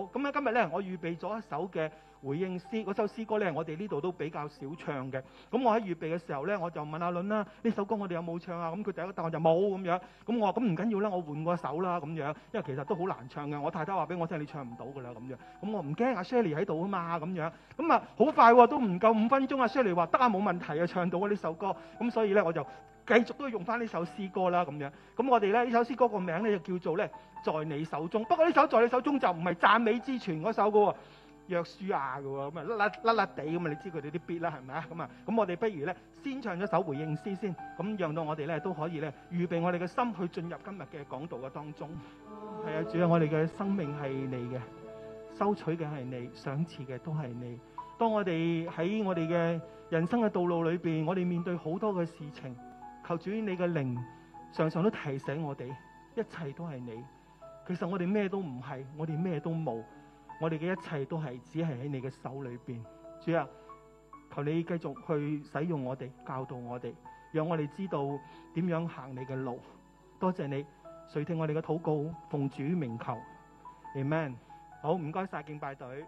好，咁咧，今日咧，我預備咗一首嘅回應詩，嗰首詩歌咧，我哋呢度都比較少唱嘅。咁我喺預備嘅時候咧，我就問阿倫啦，呢首歌我哋有冇唱啊？咁佢第一個答案就冇咁樣。咁我話咁唔緊要啦，我換個首啦咁樣，因為其實都好難唱嘅。我太太話俾我聽，你唱唔到㗎啦咁樣。咁我唔驚阿 Shirley 喺度啊嘛咁樣。咁啊，好快都唔夠五分鐘。阿 Shirley 話得啊，冇問題啊，唱到啊呢首歌。咁所以咧，我就。繼續都用翻呢首詩歌啦。咁樣咁我哋咧，呢首詩歌個名呢就叫做呢，在你手中。不過呢首在你手中就唔係讚美之泉嗰首噶喎，哦，約書亞噶喎，咁啊甩甩地咁啊！你知佢哋啲必 i 啦，係咪啊？咁啊咁，我哋不如呢先唱咗首回應詩先，咁讓到我哋呢都可以呢預備我哋嘅心去進入今日嘅講道嘅當中。係啊、嗯，主啊，我哋嘅生命係你嘅，收取嘅係你賞賜嘅都係你。當我哋喺我哋嘅人生嘅道路裏邊，我哋面對好多嘅事情。求主你嘅靈，常常都提醒我哋，一切都係你。其實我哋咩都唔係，我哋咩都冇，我哋嘅一切都係只係喺你嘅手裏邊。主啊，求你繼續去使用我哋，教導我哋，讓我哋知道點樣行你嘅路。多謝你垂聽我哋嘅禱告，奉主名求，Amen。好，唔該晒敬拜隊。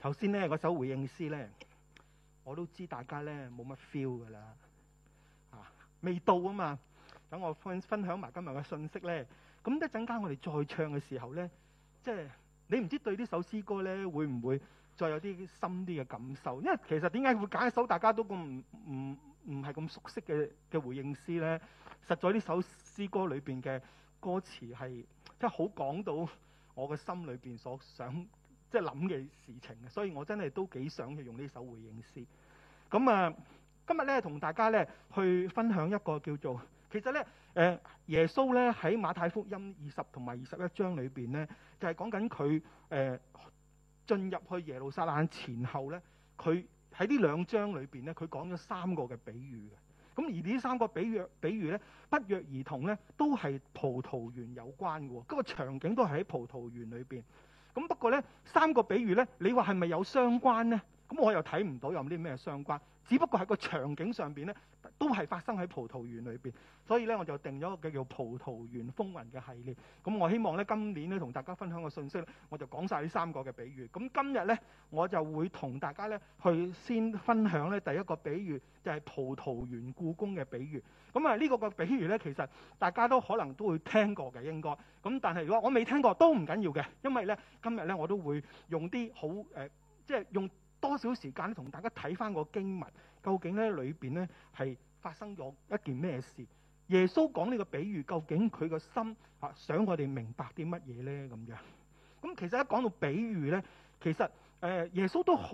頭先咧嗰首回應詩咧，我都知大家咧冇乜 feel 噶啦，啊未到啊嘛，等我分分享埋今日嘅信息咧。咁一陣間我哋再唱嘅時候咧，即係你唔知對首呢首詩歌咧，會唔會再有啲深啲嘅感受？因為其實點解會揀一首大家都咁唔唔唔係咁熟悉嘅嘅回應詩咧？實在呢首詩歌裏邊嘅歌詞係即係好講到我嘅心裏邊所想。即係諗嘅事情，所以我真係都幾想用呢首回應詩。咁、嗯、啊，今日咧同大家咧去分享一個叫做，其實咧誒耶穌咧喺馬太福音二十同埋二十一章裏邊咧，就係講緊佢誒進入去耶路撒冷前後咧，佢喺呢兩章裏邊咧，佢講咗三個嘅比喻嘅。咁而呢三個比喻比喻咧，不約而同咧，都係葡萄園有關嘅喎，嗰、這個場景都係喺葡萄園裏邊。咁不過咧，三個比喻咧，你話，係咪有相關咧？咁、嗯、我又睇唔到有啲咩相關，只不過喺個場景上邊咧，都係發生喺葡萄園裏邊，所以咧，我就定咗個叫做《葡萄園風雲》嘅系列。咁、嗯、我希望咧，今年咧同大家分享個信息咧，我就講晒呢三個嘅比喻。咁、嗯、今日咧，我就會同大家咧去先分享咧第一個比喻，就係、是、葡萄園故宮嘅比喻。咁、嗯、啊、呢、嗯這個嘅比喻咧，其實大家都可能都會聽過嘅，應該咁、嗯、但係如果我未聽過都唔緊要嘅，因為咧，今日咧我都會用啲好誒、呃，即係用。多少時間咧，同大家睇翻個經文，究竟咧裏邊咧係發生咗一件咩事？耶穌講呢個比喻，究竟佢個心啊想我哋明白啲乜嘢咧？咁樣咁其實一講到比喻咧，其實誒耶穌都好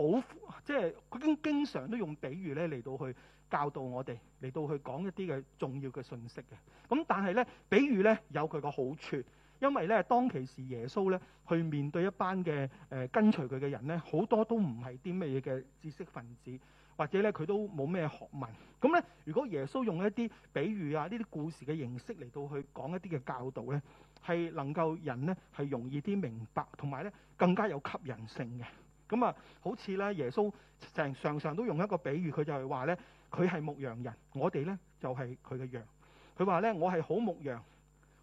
即係佢經經常都用比喻咧嚟到去教導我哋，嚟到去講一啲嘅重要嘅信息嘅。咁但係咧，比喻咧有佢個好處。因為咧，當其時耶穌咧去面對一班嘅誒跟隨佢嘅人咧，好多都唔係啲咩嘢嘅知識分子，或者咧佢都冇咩學問。咁咧，如果耶穌用一啲比喻啊，呢啲故事嘅形式嚟到去講一啲嘅教導咧，係能夠人咧係容易啲明白，同埋咧更加有吸引性嘅。咁啊，好似咧耶穌成常常都用一個比喻，佢就係話咧：佢係牧羊人，我哋咧就係佢嘅羊。佢話咧：我係好牧羊，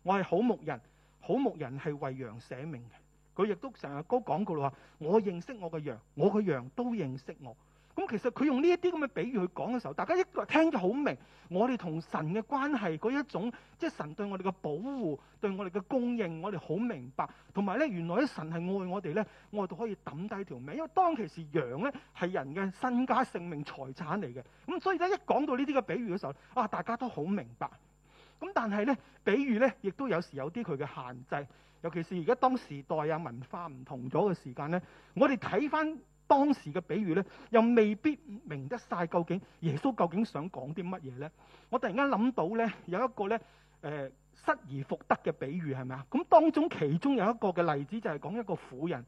我係好牧人。好牧人係為羊捨命嘅，佢亦都成日哥講過啦話，我認識我嘅羊，我嘅羊都認識我。咁其實佢用呢一啲咁嘅比喻去講嘅時候，大家一個聽就好明。我哋同神嘅關係嗰一種，即係神對我哋嘅保護，對我哋嘅供應，我哋好明白。同埋咧，原來咧神係愛我哋咧，愛到可以抌低條命，因為當其時羊咧係人嘅身家性命財產嚟嘅。咁所以咧，一講到呢啲嘅比喻嘅時候，啊，大家都好明白。咁但係咧，比喻咧，亦都有時有啲佢嘅限制，尤其是而家當時代啊文化唔同咗嘅時間咧，我哋睇翻當時嘅比喻咧，又未必明得晒。究竟耶穌究竟想講啲乜嘢咧。我突然間諗到咧，有一個咧，誒、呃、失而復得嘅比喻係咪啊？咁當中其中有一個嘅例子就係、是、講一個婦人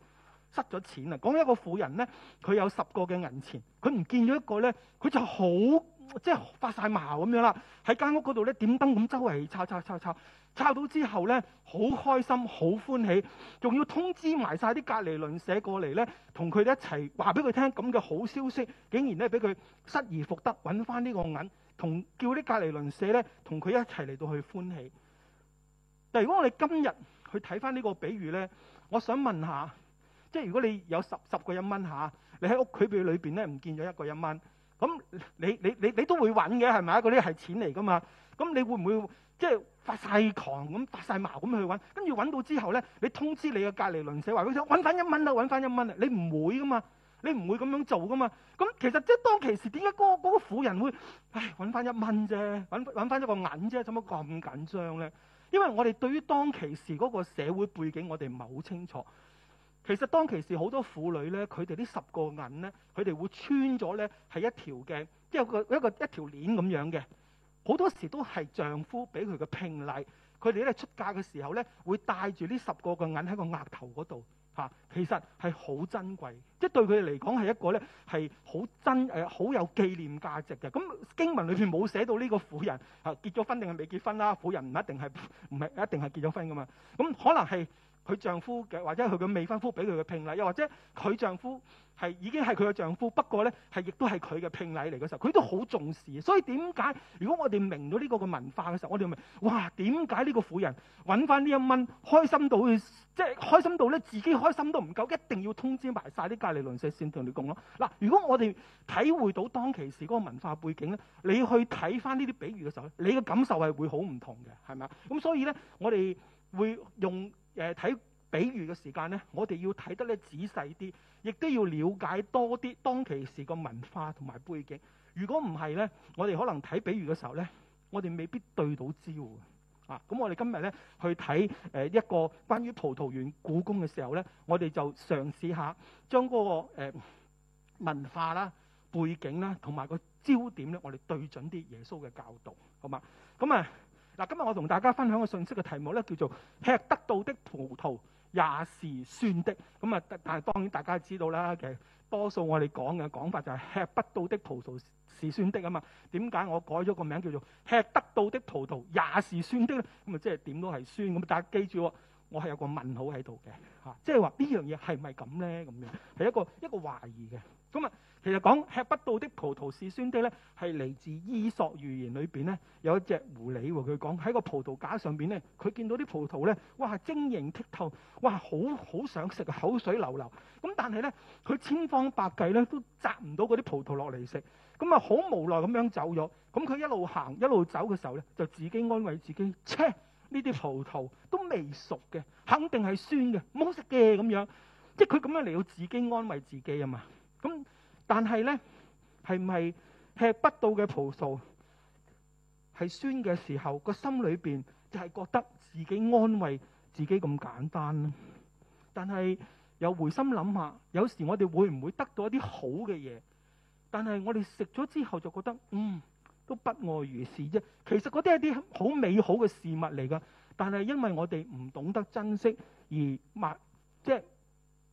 失咗錢啊，講一個婦人咧，佢有十個嘅銀錢，佢唔見咗一個咧，佢就好。即係發晒矛咁樣啦，喺間屋嗰度咧點燈咁周圍抄抄抄抄，抄到之後咧，好開心好歡喜，仲要通知埋晒啲隔離鄰舍過嚟咧，同佢哋一齊話俾佢聽咁嘅好消息，竟然咧俾佢失而復得揾翻呢個銀，同叫啲隔離鄰舍咧同佢一齊嚟到去歡喜。但係如果我哋今日去睇翻呢個比喻咧，我想問下，即係如果你有十十個一蚊嚇、啊，你喺屋企裏邊咧唔見咗一個一蚊。咁你你你你都會揾嘅係咪？嗰啲係錢嚟㗎嘛？咁你會唔會即係發晒狂咁發晒矛咁去揾？跟住揾到之後咧，你通知你嘅隔離鄰舍話：佢想揾返一蚊啊，揾返一蚊啊！你唔會㗎嘛？你唔會咁樣做㗎嘛？咁其實即係當其時點解嗰嗰個婦人會唉揾返一蚊啫，揾揾返一個銀啫，做乜咁緊張咧？因為我哋對於當其時嗰個社會背景，我哋唔係好清楚。其實當其時好多婦女咧，佢哋呢十個銀咧，佢哋會穿咗咧係一條嘅，即係個一個,一,個,一,個一條鏈咁樣嘅。好多時都係丈夫俾佢嘅聘禮，佢哋咧出嫁嘅時候咧會戴住呢十個嘅銀喺個額頭嗰度嚇。其實係好珍貴，即係對佢哋嚟講係一個咧係好真誒好、呃、有紀念價值嘅。咁、嗯、經文裏邊冇寫到呢個婦人嚇、啊、結咗婚定係未結婚啦、啊？婦人唔一定係唔係一定係結咗婚㗎嘛？咁、嗯、可能係。佢丈夫嘅，或者佢嘅未婚夫俾佢嘅聘禮，又或者佢丈夫係已經係佢嘅丈夫，不過咧係亦都係佢嘅聘禮嚟嘅時候，佢都好重視。所以點解？如果我哋明咗呢個嘅文化嘅時候，我哋咪哇點解呢個婦人揾翻呢一蚊，開心到去，即係開心到咧自己開心都唔夠，一定要通知埋晒啲隔離鄰舍先同你講咯。嗱，如果我哋體會到當其時嗰個文化背景咧，你去睇翻呢啲比喻嘅時候，你嘅感受係會好唔同嘅，係咪啊？咁所以咧，我哋會用。誒睇比喻嘅時間咧，我哋要睇得咧仔細啲，亦都要了解多啲當其時個文化同埋背景。如果唔係咧，我哋可能睇比喻嘅時候咧，我哋未必對到焦啊！咁我哋今日咧去睇誒一個關於葡萄園僱工嘅時候咧，我哋就嘗試下將嗰個誒文化啦、背景啦同埋個焦點咧，我哋對準啲耶穌嘅教導，好嘛？咁啊～嗱，今日我同大家分享嘅信息嘅題目咧，叫做吃得到的葡萄也是酸的。咁啊，但係當然大家知道啦，其實多數我哋講嘅講法就係吃不到的葡萄是酸的啊嘛。點解我改咗個名叫做吃得到的葡萄也是酸的咧？咁啊，即係點都係酸。咁大家記住，我係有個問號喺度嘅嚇，即係話呢樣嘢係唔係咁咧？咁樣係一個一個懷疑嘅。咁啊。其實講吃不到的葡萄是酸的咧，係嚟自《伊索寓言》裏邊咧，有一隻狐狸喎、哦。佢講喺個葡萄架上邊咧，佢見到啲葡萄咧，哇，晶瑩剔透，哇，好好想食，口水流流。咁但係咧，佢千方百計咧都摘唔到嗰啲葡萄落嚟食，咁啊好無奈咁樣走咗。咁佢一路行一路走嘅時候咧，就自己安慰自己：切，呢啲葡萄都未熟嘅，肯定係酸嘅，唔好食嘅咁樣。即係佢咁樣嚟到自己安慰自己啊嘛。咁但係咧，係咪吃不到嘅葡萄係酸嘅時候，個心裏邊就係覺得自己安慰自己咁簡單咧、啊？但係又回心諗下，有時我哋會唔會得到一啲好嘅嘢？但係我哋食咗之後就覺得嗯，都不外如是啫。其實嗰啲係啲好美好嘅事物嚟㗎，但係因為我哋唔懂得珍惜而抹即係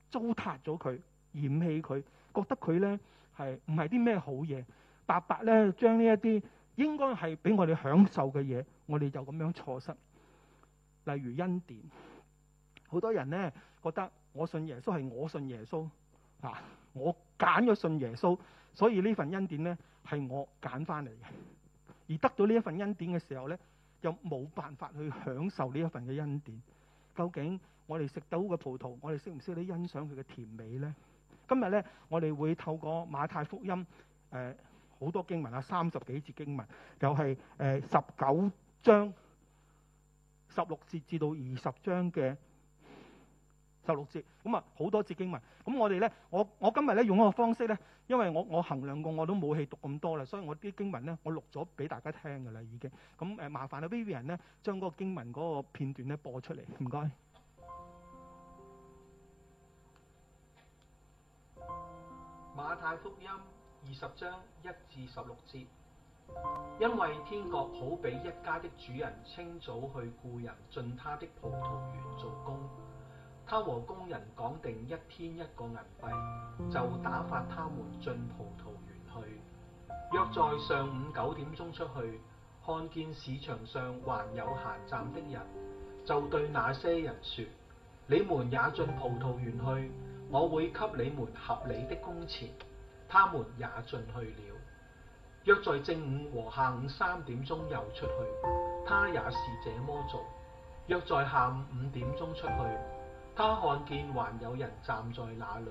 糟蹋咗佢、嫌棄佢。覺得佢咧係唔係啲咩好嘢，白白咧將呢一啲應該係俾我哋享受嘅嘢，我哋就咁樣錯失。例如恩典，好多人咧覺得我信耶穌係我信耶穌啊，我揀咗信耶穌，所以呢份恩典咧係我揀翻嚟嘅。而得到呢一份恩典嘅時候咧，又冇辦法去享受呢一份嘅恩典。究竟我哋食到嘅葡萄，我哋識唔識得欣賞佢嘅甜美咧？今日咧，我哋會透過馬太福音，誒、呃、好多經文啊，三十幾節經文，又係誒十九章十六節至到二十章嘅十六節，咁啊好多節經文。咁我哋咧，我呢我，我今日咧用一個方式咧，因為我我衡量過我都冇氣讀咁多啦，所以我啲經文咧，我錄咗俾大家聽㗎啦已經。咁、嗯、誒，麻煩啊，Vivian 咧，將嗰個經文嗰個片段咧播出嚟，唔該。馬太福音二十章一至十六節，因為天國好比一家的主人，清早去雇人進他的葡萄園做工，他和工人講定一天一個銀幣，就打發他們進葡萄園去。約在上午九點鐘出去，看見市場上還有閒站的人，就對那些人說：你們也進葡萄園去。我會給你們合理的工錢，他們也進去了，約在正午和下午三點鐘又出去。他也是這麼做，約在下午五點鐘出去。他看見還有人站在那裏，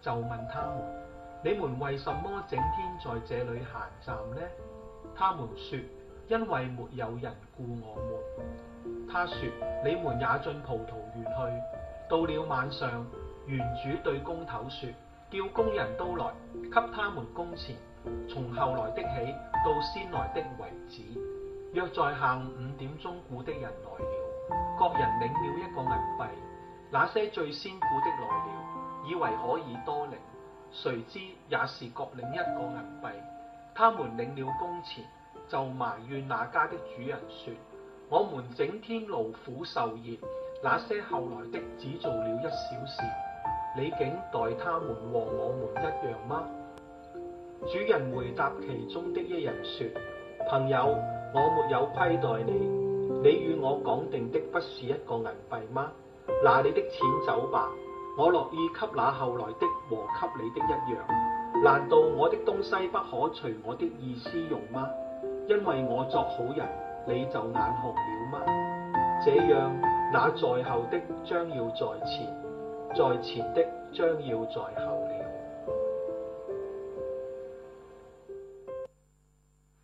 就問他們：「你們為什麼整天在這裏閒站呢？」他們說：「因為沒有人雇我們。」他說：「你們也進葡萄園去。」到了晚上。園主對工頭說：叫工人都來，給他們工錢。從後來的起，到先來的為止。約在下午五點鐘，雇的人來了，各人領了一個銀幣。那些最先雇的來了，以為可以多領，誰知也是各領一個銀幣。他們領了工錢，就埋怨那家的主人說：我們整天勞苦受熱，那些後來的只做了一小時。你竟待他們和我們一樣嗎？主人回答其中的一人說，朋友，我沒有虧待你。你與我講定的不是一個銀幣嗎？拿你的錢走吧，我樂意給那後來的和給你的一樣。難道我的東西不可隨我的意思用嗎？因為我作好人，你就眼紅了嗎？這樣，那在後的將要在前。在前的將要在後了。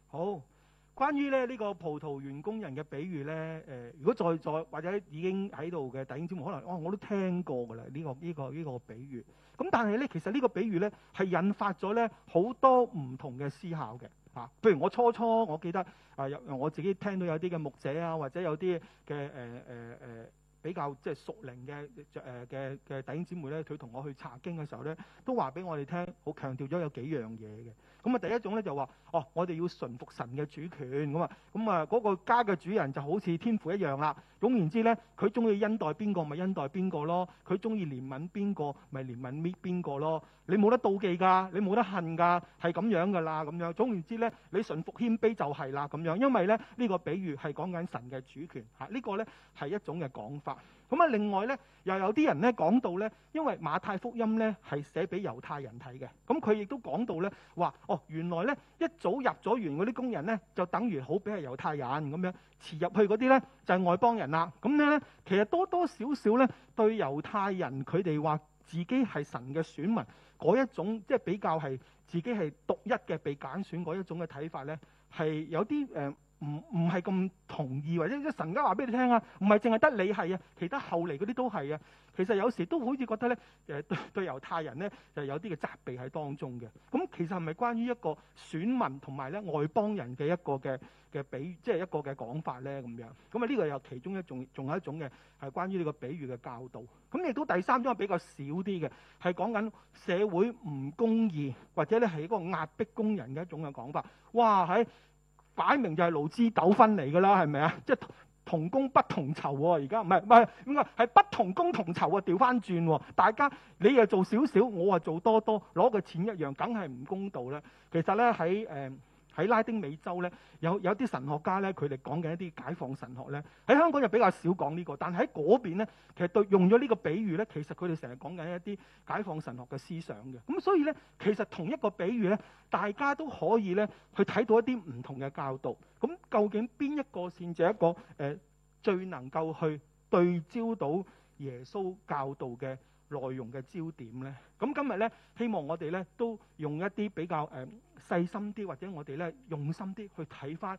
好，關於咧呢、這個葡萄園工人嘅比喻咧，誒、呃，如果在在或者已經喺度嘅大英之母，可能哇、哦、我都聽過㗎啦，呢、這個呢、這個呢、這個比喻。咁、嗯、但係咧，其實呢個比喻咧係引發咗咧好多唔同嘅思考嘅。啊，譬如我初初我記得啊、呃，我自己聽到有啲嘅牧者啊，或者有啲嘅誒誒誒。呃呃呃比較即係、就是、熟齡嘅誒嘅嘅弟兄姊妹咧，佢同我去查經嘅時候咧，都話俾我哋聽，好強調咗有幾樣嘢嘅。咁啊，第一種咧就話，哦，我哋要順服神嘅主權咁啊，咁啊，嗰、嗯那個家嘅主人就好似天父一樣啦。總言之咧，佢中意恩待邊個咪恩待邊個咯，佢中意憐憫邊個咪憐憫搣邊個咯。你冇得妒忌㗎，你冇得恨㗎，係咁樣㗎啦，咁樣。總言之咧，你順服謙卑就係啦，咁樣，因為咧呢、這個比喻係講緊神嘅主權嚇，啊這個、呢個咧係一種嘅講法。咁啊，另外咧又有啲人咧講到咧，因為馬太福音咧係寫俾猶太人睇嘅，咁佢亦都講到咧話，哦原來咧一早入咗園嗰啲工人咧就等於好比係猶太人咁樣，遲入去嗰啲咧就係、是、外邦人啦。咁咧其實多多少少咧對猶太人佢哋話自己係神嘅選民嗰一種，即、就、係、是、比較係自己係獨一嘅被揀選嗰一種嘅睇法咧，係有啲誒。呃唔唔係咁同意，或者即係神家話俾你聽啊，唔係淨係得你係啊，其他後嚟嗰啲都係啊。其實有時都好似覺得咧，誒、呃、對對猶太人咧，就有啲嘅責備喺當中嘅。咁、嗯、其實係咪關於一個選民同埋咧外邦人嘅一個嘅嘅比喻，即、就、係、是、一個嘅講法咧咁樣？咁啊呢個又其中一種，仲有一種嘅係關於呢個比喻嘅教導。咁、嗯、亦都第三種係比較少啲嘅，係講緊社會唔公義，或者咧係一個壓迫工人嘅一種嘅講法。哇喺～擺明就係勞資糾紛嚟㗎啦，係咪啊？即係同工不同酬喎、啊，而家唔係唔係點講？係不，不，不同工同酬啊。調翻轉大家你又做少少，我又做多多，攞嘅錢一樣，梗係唔公道啦。其實咧喺誒。喺拉丁美洲咧，有有啲神學家咧，佢哋講緊一啲解放神學咧，喺香港就比較少講呢個，但係喺嗰邊咧，其實對用咗呢個比喻咧，其實佢哋成日講緊一啲解放神學嘅思想嘅。咁所以咧，其實同一個比喻咧，大家都可以咧去睇到一啲唔同嘅教導，咁究竟邊一個先至係一個誒、呃、最能夠去對焦到耶穌教導嘅？內容嘅焦點咧，咁今日咧，希望我哋咧都用一啲比較誒、呃、細心啲，或者我哋咧用心啲去睇翻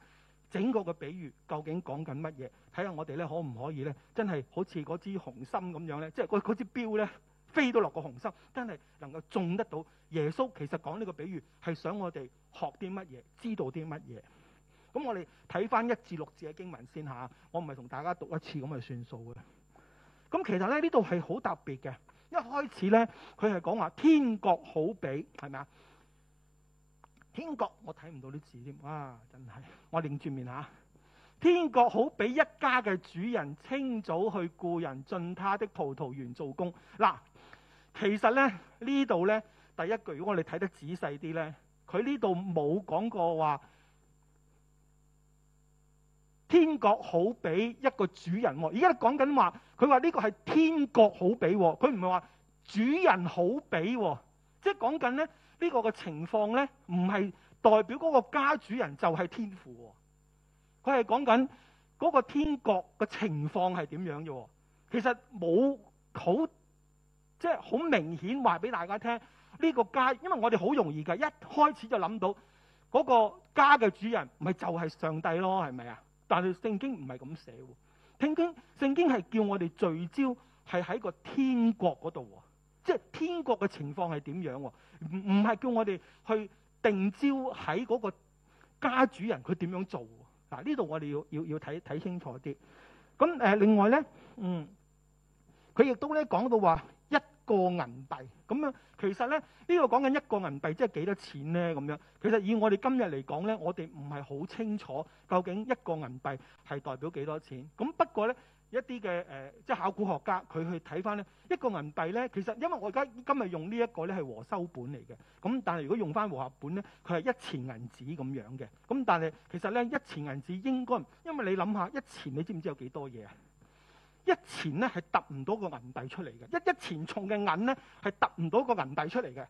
整個嘅比喻，究竟講緊乜嘢？睇下我哋咧可唔可以咧，真係好似嗰支紅心咁樣咧，即係嗰支標咧飛到落個紅心，真係能夠中得到耶穌。其實講呢個比喻係想我哋學啲乜嘢，知道啲乜嘢。咁我哋睇翻一至六字嘅經文先嚇，我唔係同大家讀一次咁就算數嘅。咁其實咧呢度係好特別嘅。一開始呢，佢係講話天國好比係咪啊？天國我睇唔到啲字添，哇！真係，我擰轉面吓。天國好比一家嘅主人，清早去雇人進他的葡萄園做工。嗱，其實呢呢度呢，第一句，如果我哋睇得仔細啲呢，佢呢度冇講過話。天國好比一個主人、哦，而家講緊話，佢話呢個係天國好比、哦，佢唔係話主人好比、哦，即係講緊咧呢個嘅情況呢，唔係代表嗰個家主人就係天父、哦，佢係講緊嗰個天國嘅情況係點樣啫、哦。其實冇好即係好明顯話俾大家聽呢個家，因為我哋好容易噶，一開始就諗到嗰個家嘅主人唔係就係上帝咯，係咪啊？但係聖經唔係咁寫喎，聽經聖經係叫我哋聚焦係喺個天國嗰度喎，即係天國嘅情況係點樣喎？唔唔係叫我哋去定焦喺嗰個家主人佢點樣做喎。嗱，呢、啊、度我哋要要要睇睇清楚啲。咁誒、呃、另外咧，嗯，佢亦都咧講到話。個銀幣咁啊、嗯，其實咧呢、呢個講緊一個銀幣即係幾多錢咧咁樣。其實以我哋今日嚟講咧，我哋唔係好清楚究竟一個銀幣係代表幾多錢。咁、嗯、不過咧一啲嘅誒，即係考古學家佢去睇翻咧一個銀幣咧，其實因為我而家今日用呢一個咧係和修本嚟嘅。咁、嗯、但係如果用翻和合本咧，佢係一錢銀子咁樣嘅。咁、嗯、但係其實咧一錢銀子應該因為你諗下一錢，你知唔知有幾多嘢啊？一錢咧係揼唔到個銀幣出嚟嘅，一一錢重嘅銀咧係揼唔到個銀幣出嚟嘅，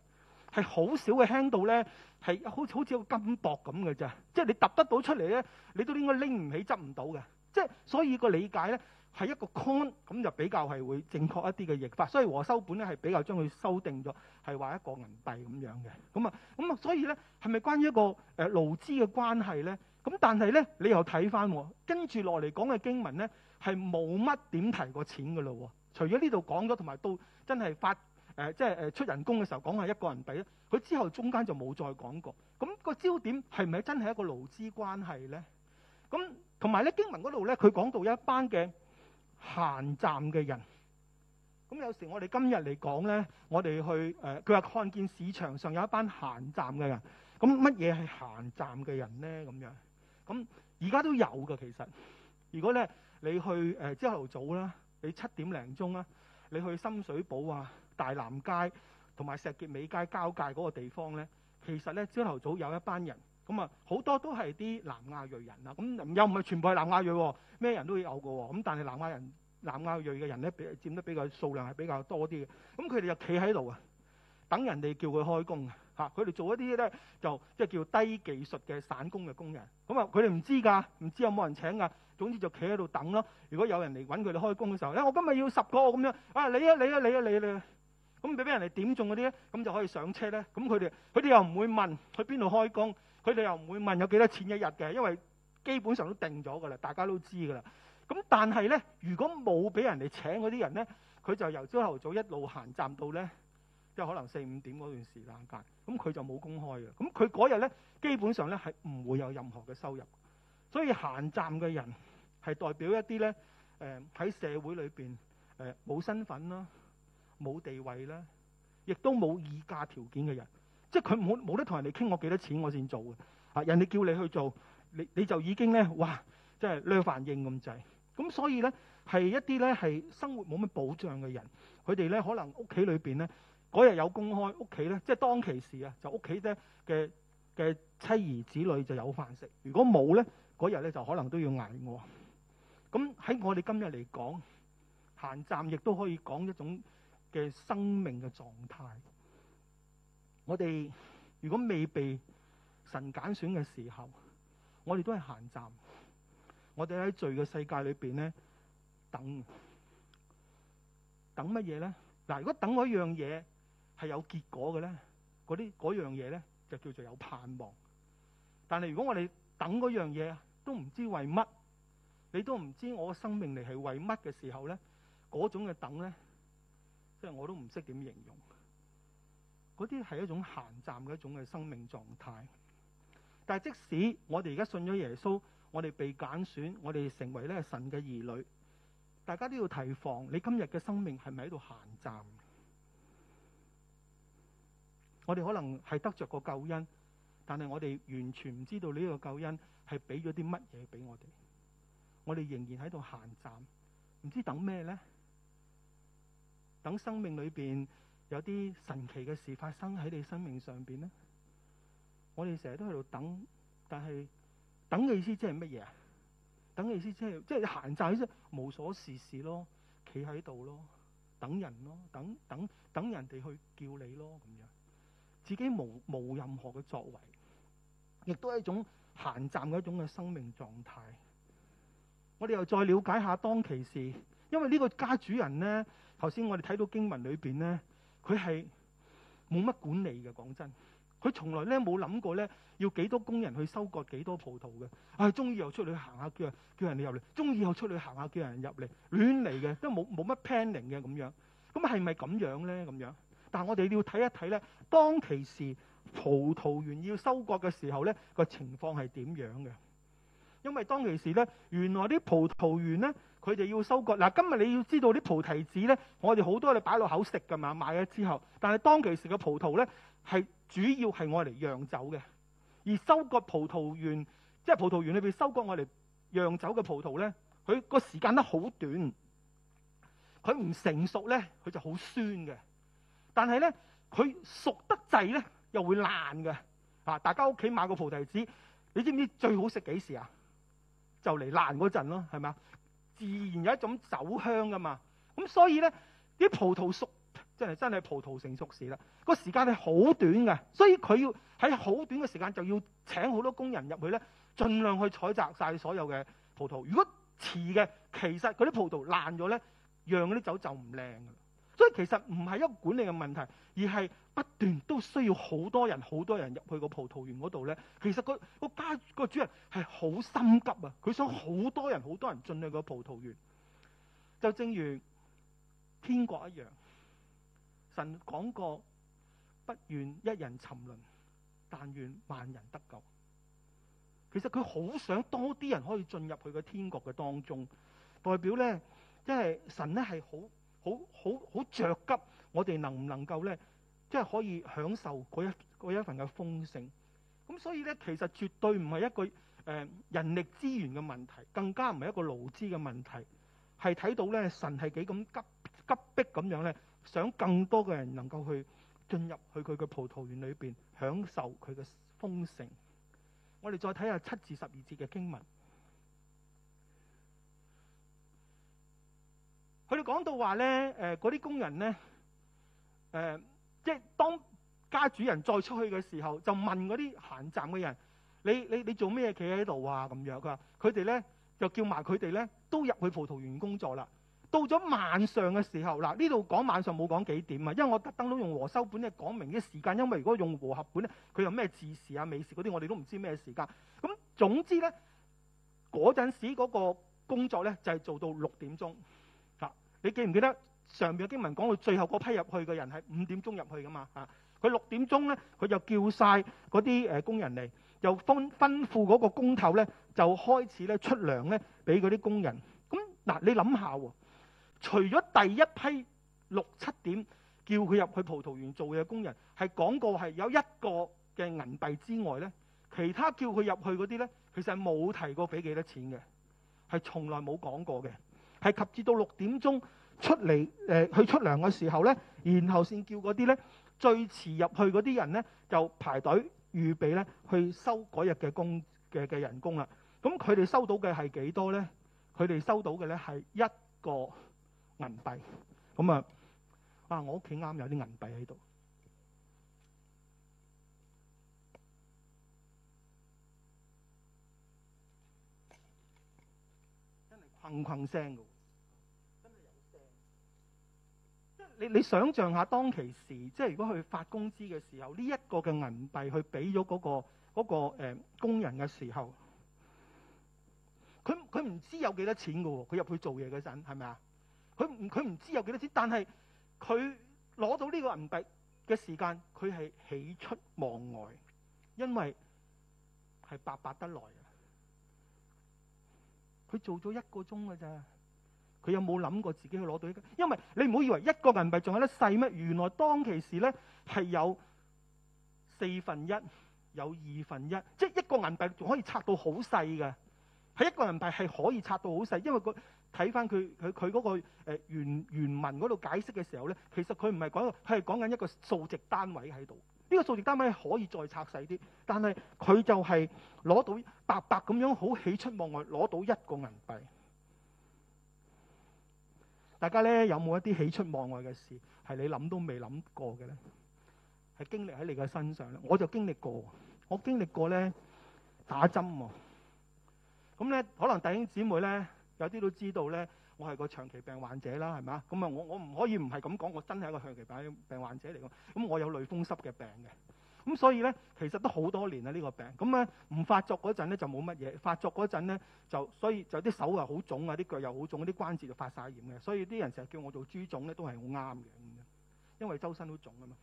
係好少嘅輕度咧，係好好似個金箔咁嘅啫。即係你揼得到出嚟咧，你都應該拎唔起、執唔到嘅。即係所以個理解咧係一個 coin 咁就比較係會正確一啲嘅譯法。所以和修本咧係比較將佢修訂咗，係話一個銀幣咁樣嘅。咁啊咁啊，所以咧係咪關於一個誒勞、呃、資嘅關係咧？咁但係咧你又睇翻跟住落嚟講嘅經文咧。係冇乜點提過錢㗎啦喎，除咗呢度講咗，同埋到真係發誒、呃，即係誒出人工嘅時候講係一個人俾咧，佢之後中間就冇再講過。咁個焦點係咪真係一個勞資關係咧？咁同埋咧經文嗰度咧，佢講到有一班嘅閒站嘅人。咁有時我哋今日嚟講咧，我哋去誒，佢、呃、話看見市場上有一班閒站嘅人。咁乜嘢係閒站嘅人咧？咁樣咁而家都有㗎。其實如果咧。你去誒朝頭早啦，你七點零鐘啦，你去深水埗啊、大南街同埋石硤尾街交界嗰個地方咧，其實咧朝頭早有一班人，咁啊好多都係啲南亞裔人啊。咁、嗯、又唔係全部係南亞裔、哦，咩人都有噶喎、哦，咁、嗯、但係南亞人、南亞裔嘅人咧，比佔得比較數量係比較多啲嘅，咁佢哋就企喺度啊，等人哋叫佢開工啊，佢哋做一啲咧就即係叫低技術嘅散工嘅工人，咁啊佢哋唔知㗎，唔知有冇人請㗎。總之就企喺度等咯。如果有人嚟揾佢哋開工嘅時候，咧我今日要十個咁樣，啊你啊你啊你啊你啊，咁俾俾人哋點中嗰啲咧，咁、嗯、就可以上車咧。咁佢哋佢哋又唔會問去邊度開工，佢哋又唔會問有幾多錢一日嘅，因為基本上都定咗㗎啦，大家都知㗎啦。咁、嗯、但係咧，如果冇俾人哋請嗰啲人咧，佢就由朝頭早一路行站到咧，即係可能四五點嗰段時間，咁佢就冇工開嘅。咁佢嗰日咧，基本上咧係唔會有任何嘅收入。所以閒站嘅人係代表一啲咧，誒、呃、喺社會裏邊誒冇身份啦、冇地位啦，亦都冇議價條件嘅人，即係佢冇冇得同人哋傾，我幾多錢我先做嘅啊？人哋叫你去做，你你就已經咧哇，即係兩反應咁滯咁。所以咧係一啲咧係生活冇乜保障嘅人，佢哋咧可能屋企裏邊咧嗰日有工開，屋企咧即係當其時啊，就屋企咧嘅嘅妻兒子女就有飯食。如果冇咧，嗰日咧就可能都要挨餓，咁喺我哋今日嚟講，閒站亦都可以講一種嘅生命嘅狀態。我哋如果未被神揀選嘅時候，我哋都係閒站。我哋喺罪嘅世界裏邊咧，等，等乜嘢咧？嗱，如果等嗰樣嘢係有結果嘅咧，啲樣嘢咧就叫做有盼望。但係如果我哋等樣嘢，都唔知為乜，你都唔知我生命嚟係為乜嘅時候呢？嗰種嘅等呢，即係我都唔識點形容。嗰啲係一種閒站嘅一種嘅生命狀態。但係即使我哋而家信咗耶穌，我哋被揀選，我哋成為呢神嘅兒女，大家都要提防你今日嘅生命係咪喺度閒站。我哋可能係得着個救恩，但係我哋完全唔知道呢個救恩。係俾咗啲乜嘢俾我哋？我哋仍然喺度閒站，唔知等咩咧？等生命裏邊有啲神奇嘅事發生喺你生命上邊咧？我哋成日都喺度等，但係等嘅意思即係乜嘢？等嘅意思即係即係閒站，即係無所事事咯，企喺度咯，等人咯，等等等人哋去叫你咯，咁樣自己無無任何嘅作為，亦都係一種。閒站嘅一種嘅生命狀態，我哋又再了解下當其時，因為呢個家主人咧，頭先我哋睇到經文裏邊咧，佢係冇乜管理嘅，講真，佢從來咧冇諗過咧要幾多工人去收割幾多葡萄嘅，唉，中意又出去行下叫叫人哋入嚟，中意又出去行下叫人入嚟，亂嚟嘅，都冇冇乜 planning 嘅咁樣，咁係咪咁樣咧咁樣，樣？但係我哋要睇一睇咧，當其時。葡萄園要收割嘅時候咧，個情況係點樣嘅？因為當其時咧，原來啲葡萄園咧，佢哋要收割嗱、啊。今日你要知道啲葡提子咧，我哋好多你擺落口食㗎嘛，買咗之後。但係當其時嘅葡萄咧，係主要係我嚟釀酒嘅。而收割葡萄園，即係葡萄園裏邊收割我嚟釀酒嘅葡萄咧，佢個時間都好短，佢唔成熟咧，佢就好酸嘅。但係咧，佢熟得滯咧。又會爛嘅，嚇、啊！大家屋企買個葡提子，你知唔知最好食幾時啊？就嚟爛嗰陣咯，係咪啊？自然有一種酒香噶嘛。咁所以咧，啲葡萄熟，真係真係葡萄成熟時啦。個時間係好短嘅，所以佢要喺好短嘅時間就要請好多工人入去咧，盡量去採集晒所有嘅葡萄。如果遲嘅，其實嗰啲葡萄爛咗咧，釀啲酒就唔靚㗎啦。所以其實唔係一個管理嘅問題，而係不斷都需要好多人、好多人入去個葡萄園嗰度咧。其實個家個主人係好心急啊，佢想好多人、好多人進入個葡萄園。就正如天國一樣，神講過不願一人沉淪，但願萬人得救。其實佢好想多啲人可以進入去個天國嘅當中，代表咧，即係神咧係好。好好好着急，我哋能唔能夠咧，即係可以享受嗰一嗰一份嘅豐盛？咁所以咧，其實絕對唔係一個誒、呃、人力資源嘅問題，更加唔係一個勞資嘅問題，係睇到咧神係幾咁急急迫咁樣咧，想更多嘅人能夠去進入去佢嘅葡萄園裏邊，享受佢嘅豐盛。我哋再睇下七至十二節嘅經文。佢哋講到話咧，誒嗰啲工人咧，誒、呃、即係當家主人再出去嘅時候，就問嗰啲閑站嘅人：你你你做咩企喺度啊？咁樣佢佢哋咧就叫埋佢哋咧都入去葡萄園工作啦。到咗晚上嘅時候，嗱呢度講晚上冇講幾點啊，因為我特登都用和修本咧講明啲時間，因為如果用和合本咧，佢又咩子時啊、未時嗰啲，我哋都唔知咩時間。咁、嗯、總之咧，嗰陣時嗰個工作咧就係、是、做到六點鐘。你記唔記得上面嘅經文講到最後嗰批入去嘅人係五點鐘入去㗎嘛？啊，佢六點鐘咧，佢就叫晒嗰啲誒工人嚟，又吩吩咐嗰個工頭咧，就開始咧出糧咧俾嗰啲工人。咁嗱、啊，你諗下喎、哦，除咗第一批六七點叫佢入去葡萄園做嘢工人，係講過係有一個嘅銀幣之外咧，其他叫佢入去嗰啲咧，其實係冇提過俾幾多錢嘅，係從來冇講過嘅。係及至到六點鐘出嚟，誒去出糧嘅時候咧，然後先叫嗰啲咧最遲入去嗰啲人咧就排隊預備咧去收嗰日嘅工嘅嘅人工啦。咁佢哋收到嘅係幾多咧？佢哋收到嘅咧係一個銀幣。咁啊啊，我屋企啱有啲銀幣喺度，真係框框聲嘅。你你想象下當其時，即係如果佢發工資嘅時候，呢一個嘅銀幣去俾咗嗰個嗰個呃工人嘅時候，佢佢唔知有幾多錢嘅喎，佢入去做嘢嗰陣係咪啊？佢唔佢唔知有幾多錢，但係佢攞到呢個銀幣嘅時間，佢係喜出望外，因為係白白得來嘅。佢做咗一個鐘嘅咋。佢有冇諗過自己去攞到一個？一因為你唔好以為一個銀幣仲有得細咩？原來當其時咧係有四分一，有二分一，即係一個銀幣仲可以拆到好細嘅。係一個銀幣係可以拆到好細，因為佢睇翻佢佢佢嗰個原、呃、原文嗰度解釋嘅時候咧，其實佢唔係講，佢係講緊一個數值單位喺度。呢、呢個數值單位可以再拆細啲，但係佢就係攞到白白咁樣好喜出望外攞到一個銀幣。大家咧有冇一啲喜出望外嘅事，係你諗都未諗過嘅咧？係經歷喺你嘅身上咧。我就經歷過，我經歷過咧打針喎。咁、嗯、咧，可能弟兄姊妹咧有啲都知道咧，我係個長期病患者啦，係咪？咁啊，我我唔可以唔係咁講，我真係一個長期病病患者嚟㗎。咁、嗯、我有類風濕嘅病嘅。咁所以咧，其實都好多年啦呢、呢個病。咁、嗯、啊，唔發作嗰陣咧就冇乜嘢，發作嗰陣咧就所以就啲手又好腫啊，啲腳又好腫，啲關節就發晒炎嘅。所以啲人成日叫我做豬腫咧，都係好啱嘅咁樣，因為周身都腫啊嘛。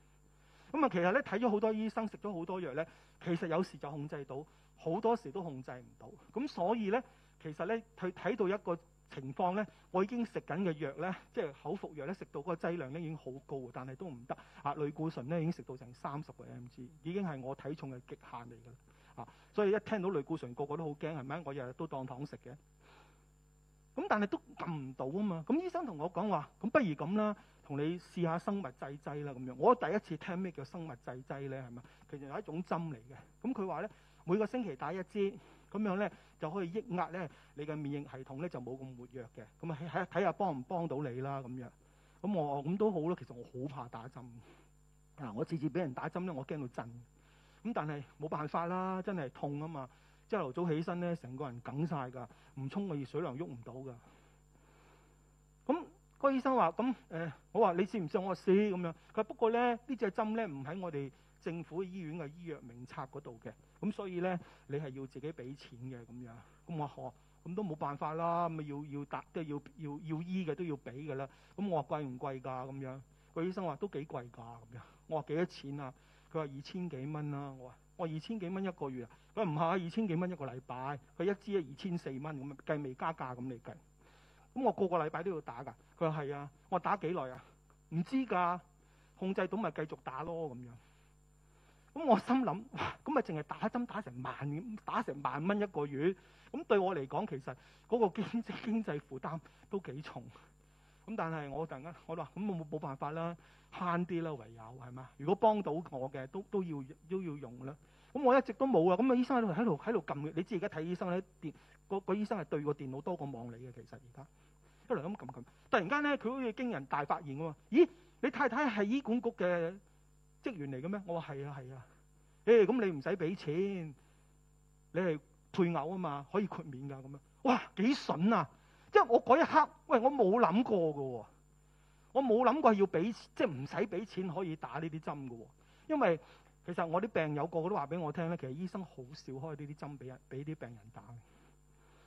咁、嗯、啊，其實咧睇咗好多醫生，食咗好多藥咧，其實有時就控制到，好多時都控制唔到。咁所以咧，其實咧佢睇到一個。情況咧，我已經食緊嘅藥咧，即係口服藥咧，食到嗰個劑量咧已經好高，但係都唔得。啊，類固醇咧已經食到成三十個 mg，已經係我體重嘅極限嚟㗎啦。啊，所以一聽到類固醇個個都好驚，係咪？我日日都當糖食嘅，咁、嗯、但係都撳唔到啊嘛。咁、嗯、醫生同我講話，咁、嗯、不如咁啦，同你試下生物製劑啦咁樣。我第一次聽咩叫生物製劑咧，係咪？其實係一種針嚟嘅。咁佢話咧，每個星期打一支。咁樣咧就可以抑壓咧你嘅免疫系統咧就冇咁活躍嘅，咁啊喺睇下幫唔幫到你啦咁樣。咁我咁都好啦。其實我好怕打針。嗱、啊，我次次俾人打針咧，我驚到震。咁但係冇辦法啦，真係痛啊嘛。朝頭早起身咧，成個人梗晒㗎，唔沖個熱水涼喐唔到㗎。咁、個醫生話，咁誒、欸，我話你試唔試我先咁樣。佢話不過咧，呢隻針咧唔喺我哋。政府醫院嘅醫藥名冊嗰度嘅咁，所以咧你係要自己俾錢嘅咁樣。咁我話呵，咁都冇辦法啦，咪要要打，即係要要要醫嘅都要俾嘅啦。咁我話貴唔貴㗎咁樣？個醫生話都幾貴㗎咁樣。我話幾多錢啊？佢話二千幾蚊啦。我話我二千幾蚊一個月啊。佢話唔係啊，二千幾蚊一個禮拜。佢一支啊，二千四蚊咁計，未加價咁嚟計。咁我個個禮拜都要打㗎？佢話係啊。我打幾耐啊？唔知㗎，控制到咪繼續打咯咁樣。咁我心諗，咁咪淨係打針打成萬打成萬蚊一個月，咁對我嚟講其實嗰個經濟經濟負擔都幾重。咁但係我突然間，我話咁我冇冇辦法啦，慳啲啦唯有係嘛，如果幫到我嘅都都要都要用啦。咁我一直都冇啊。咁個醫生喺度喺度喺度撳，你知而家睇醫生咧，電個個醫生係對個電腦多過望你嘅，其實而家一嚟咁撳撳。突然間咧，佢好似驚人大發現喎！咦，你太太係醫管局嘅？職員嚟嘅咩？我話係啊係啊，誒、欸、咁你唔使俾錢，你係配偶啊嘛，可以豁免㗎咁樣，哇幾筍啊！即係我嗰一刻，喂我冇諗過嘅喎，我冇諗過、哦、過要俾即係唔使俾錢可以打呢啲針嘅喎、哦，因為其實我啲病友個個都話俾我聽咧，其實醫生好少開呢啲針俾人俾啲病人打，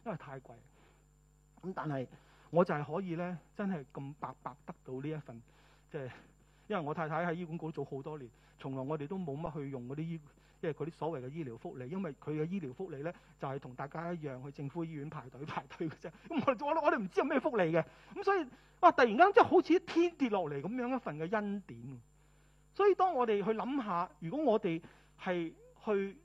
因為太貴。咁但係我就係可以咧，真係咁白白得到呢一份即係。即係因為我太太喺醫管局做好多年，從來我哋都冇乜去用嗰啲醫，即係啲所謂嘅醫療福利。因為佢嘅醫療福利咧，就係同大家一樣去政府醫院排隊排隊嘅啫。咁我我哋唔知有咩福利嘅。咁所以哇，突然間即係好似天跌落嚟咁樣一份嘅恩典。所以當我哋去諗下，如果我哋係去，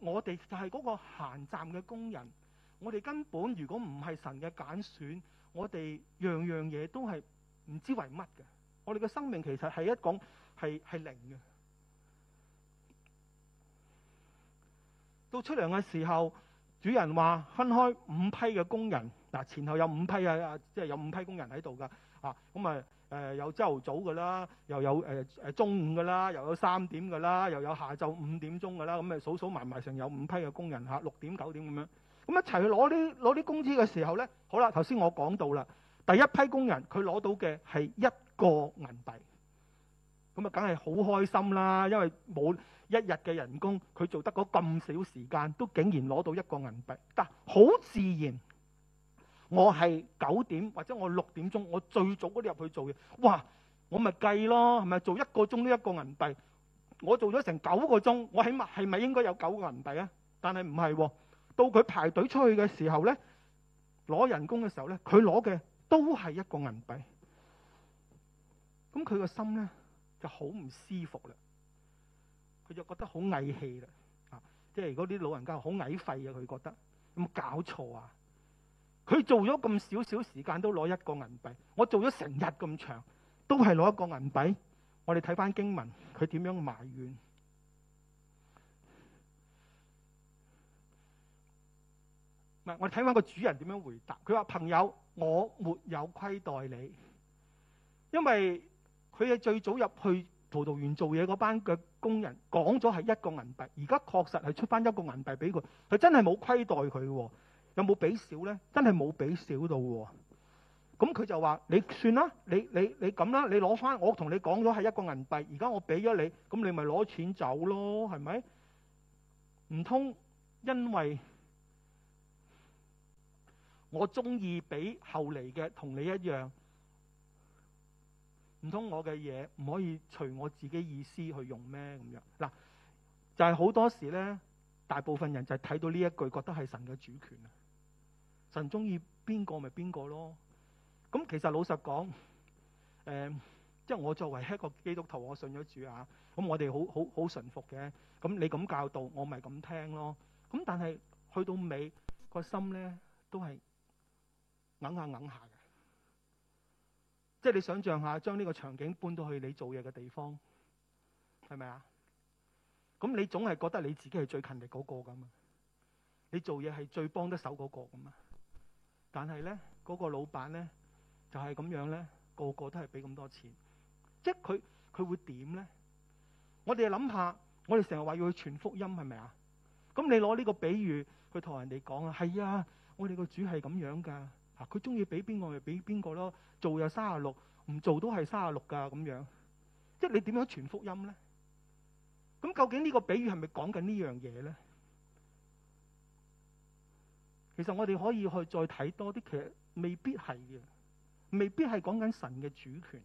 我哋就係嗰個閒站嘅工人，我哋根本如果唔係神嘅揀選，我哋樣樣嘢都係唔知為乜嘅。我哋嘅生命其實係一講係係零嘅。到出糧嘅時候，主人話分開五批嘅工人嗱、啊，前後有五批啊，即係有五批工人喺度噶嚇。咁啊誒、嗯呃，有朝頭早噶啦，又有誒誒、呃、中午噶啦，又有三點噶啦，又有下晝五點鐘噶啦。咁、嗯、咪數數埋埋，成有五批嘅工人嚇、啊，六點九點咁樣。咁、嗯、一齊去攞啲攞啲工資嘅時候咧，好啦，頭先我講到啦，第一批工人佢攞到嘅係一個銀幣，咁啊，梗係好開心啦！因為冇一日嘅人工，佢做得嗰咁少時間，都竟然攞到一個銀幣。但係好自然，我係九點或者我六點鐘，我最早嗰啲入去做嘢。哇，我咪計咯，係咪做一個鐘呢一個銀幣？我做咗成九個鐘，我起碼係咪應該有九個銀幣啊？但係唔係，到佢排隊出去嘅時候呢，攞人工嘅時候呢，佢攞嘅都係一個銀幣。咁佢個心咧就好唔舒服啦，佢就覺得好翳氣啦，啊，即係如果啲老人家好矮廢啊，佢覺得有冇搞錯啊！佢做咗咁少少時間都攞一個銀幣，我做咗成日咁長都係攞一個銀幣。我哋睇翻經文，佢點樣埋怨？唔係，我哋睇翻個主人點樣回答？佢話：朋友，我沒有虧待你，因為佢係最早入去葡萄園做嘢嗰班嘅工人，講咗係一個銀幣。而家確實係出翻一個銀幣俾佢，佢真係冇虧待佢喎。有冇俾少咧？真係冇俾少到喎、哦。咁佢就話：你算啦，你你你咁啦，你攞翻我同你講咗係一個銀幣，而家我俾咗你，咁你咪攞錢走咯，係咪？唔通因為我中意俾後嚟嘅同你一樣？唔通我嘅嘢唔可以隨我自己意思去用咩咁樣？嗱，就係、是、好多時咧，大部分人就係睇到呢一句，覺得係神嘅主權啊，神中意邊個咪邊個咯。咁、嗯、其實老實講，誒、嗯，即係我作為一個基督徒，我信咗主啊，咁、嗯、我哋好好好順服嘅。咁、嗯、你咁教導我，咪咁聽咯。咁、嗯、但係去到尾個心咧，都係硬下硬下。即係你想象下，將呢個場景搬到去你做嘢嘅地方，係咪啊？咁你總係覺得你自己係最勤力嗰個㗎嘛？你做嘢係最幫得手嗰個㗎嘛？但係咧，嗰個老闆咧就係咁樣咧，個個都係俾咁多錢。即係佢佢會點咧？我哋諗下，我哋成日話要去傳福音，係咪啊？咁你攞呢個比喻去同人哋講啊？係啊，我哋個主係咁樣㗎。佢中意俾邊個咪俾邊個咯，做又三十六，唔做都係三十六噶咁樣，即係你點樣傳福音咧？咁究竟呢個比喻係咪講緊呢樣嘢咧？其實我哋可以去再睇多啲，其實未必係嘅，未必係講緊神嘅主權。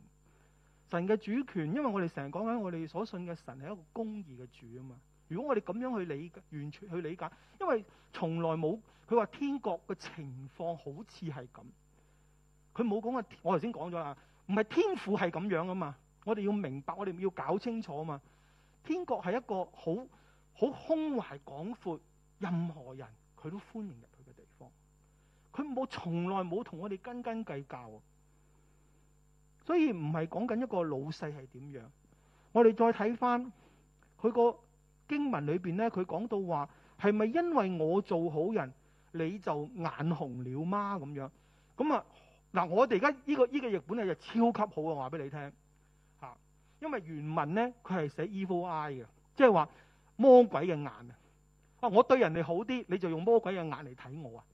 神嘅主權，因為我哋成日講緊我哋所信嘅神係一個公義嘅主啊嘛。如果我哋咁樣去理解，完全去理解，因為從來冇。佢話天國嘅情況好似係咁，佢冇講啊。我頭先講咗啦，唔係天父係咁樣啊嘛。我哋要明白，我哋要搞清楚啊嘛。天國係一個好好胸懷廣闊，任何人佢都歡迎入去嘅地方。佢冇從來冇同我哋斤斤計較啊，所以唔係講緊一個老細係點樣。我哋再睇翻佢個經文裏邊咧，佢講到話係咪因為我做好人？你就眼紅了嗎？咁樣咁啊嗱！我哋而家呢個呢個譯本咧就超級好啊！我話俾你聽嚇，因為原文咧佢係寫 evil eye 嘅，即係話魔鬼嘅眼啊！我對人哋好啲，你就用魔鬼嘅眼嚟睇我啊！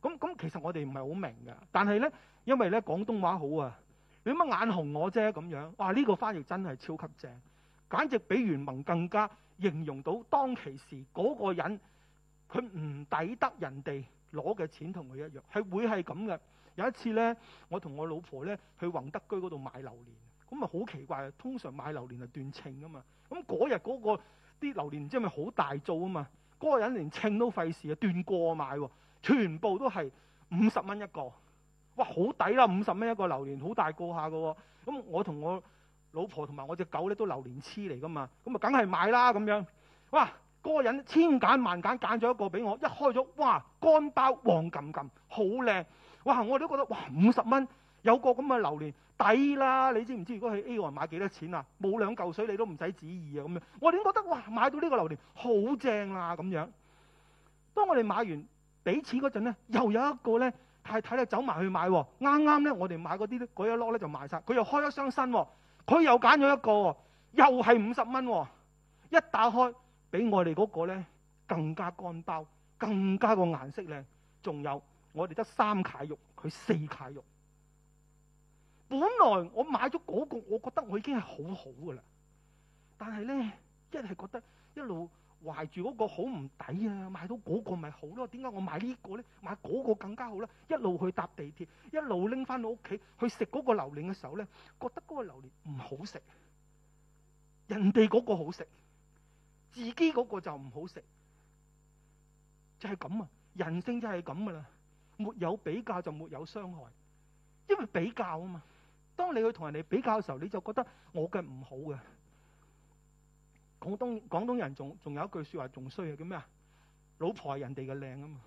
咁咁其實我哋唔係好明嘅，但係咧因為咧廣東話好啊，你乜眼紅我啫咁樣哇！呢個翻譯真係超級正，簡直比原文更加形容到當其時嗰個人。佢唔抵得人哋攞嘅錢同佢一樣，係會係咁嘅。有一次咧，我同我老婆咧去宏德居嗰度買榴蓮，咁咪好奇怪啊！通常買榴蓮係斷稱噶嘛，咁嗰日嗰個啲榴蓮唔知係咪好大做啊嘛，嗰個人連稱都費事啊，斷過買喎，全部都係五十蚊一個，哇，好抵啦！五十蚊一個榴蓮，好大個下噶喎。哦，咁我同我老婆同埋我隻狗咧都榴蓮痴嚟噶嘛，咁啊梗係買啦咁樣，哇！嗰個人千揀萬揀，揀咗一個俾我，一開咗哇，乾包黃冚冚好靚哇！我都覺得哇，五十蚊有個咁嘅榴蓮抵啦。你知唔知如果喺 A 外買幾多錢啊？冇兩嚿水你都唔使旨意啊咁樣。我點覺得哇，買到呢個榴蓮好正啦咁樣。當我哋買完俾錢嗰陣咧，又有一個咧太太咧走埋去買喎。啱啱咧我哋買嗰啲嗰一攞咧就賣晒。佢又開一箱新，佢又揀咗一個，又係五十蚊。一打開。比我哋嗰個咧更加乾包，更加個顏色靚，仲有我哋得三塊肉，佢四塊肉。本來我買咗嗰個，我覺得我已經係好好噶啦。但係咧，一係覺得一路懷住嗰個好唔抵啊！買到嗰個咪好咯，點解我買呢個咧？買嗰個更加好啦！一路去搭地鐵，一路拎翻到屋企去食嗰個榴蓮嘅時候咧，覺得嗰個榴蓮唔好食，人哋嗰個好食。自己嗰個就唔好食，就係咁啊！人性就係咁噶啦，沒有比較就沒有傷害，因為比較啊嘛。當你去同人哋比較嘅時候，你就覺得我嘅唔好嘅。廣東廣東人仲仲有一句説話仲衰啊，叫咩啊？老婆係人哋嘅靚啊嘛，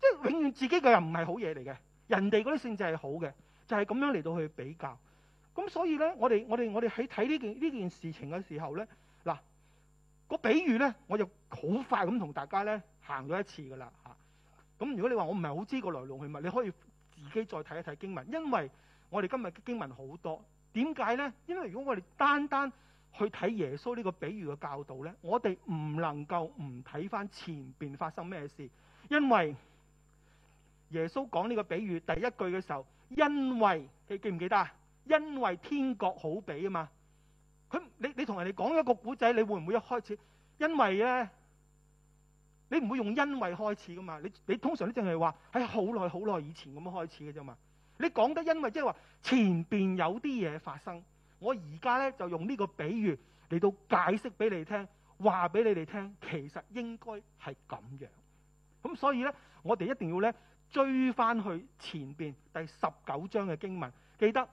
即係永遠自己嘅人唔係好嘢嚟嘅，人哋嗰啲性質係好嘅，就係咁樣嚟到去比較。咁所以咧，我哋我哋我哋喺睇呢件呢件事情嘅時候咧，嗱個比喻咧，我就好快咁同大家咧行咗一次噶啦嚇。咁、啊嗯、如果你話我唔係好知個來龍去脈，你可以自己再睇一睇經文，因為我哋今日經文好多，點解咧？因為如果我哋單單去睇耶穌呢個比喻嘅教導咧，我哋唔能夠唔睇翻前邊發生咩事，因為耶穌講呢個比喻第一句嘅時候，因為你記唔記得？啊？因為天國好比啊嘛，佢你你同人哋講一個古仔，你會唔會一開始？因為咧，你唔會用因為開始噶嘛。你你通常都淨係話喺好耐好耐以前咁樣開始嘅啫嘛。你講得因為即係話前邊有啲嘢發生，我而家咧就用呢個比喻嚟到解釋俾你聽，話俾你哋聽，其實應該係咁樣。咁所以咧，我哋一定要咧追翻去前邊第十九章嘅經文，記得。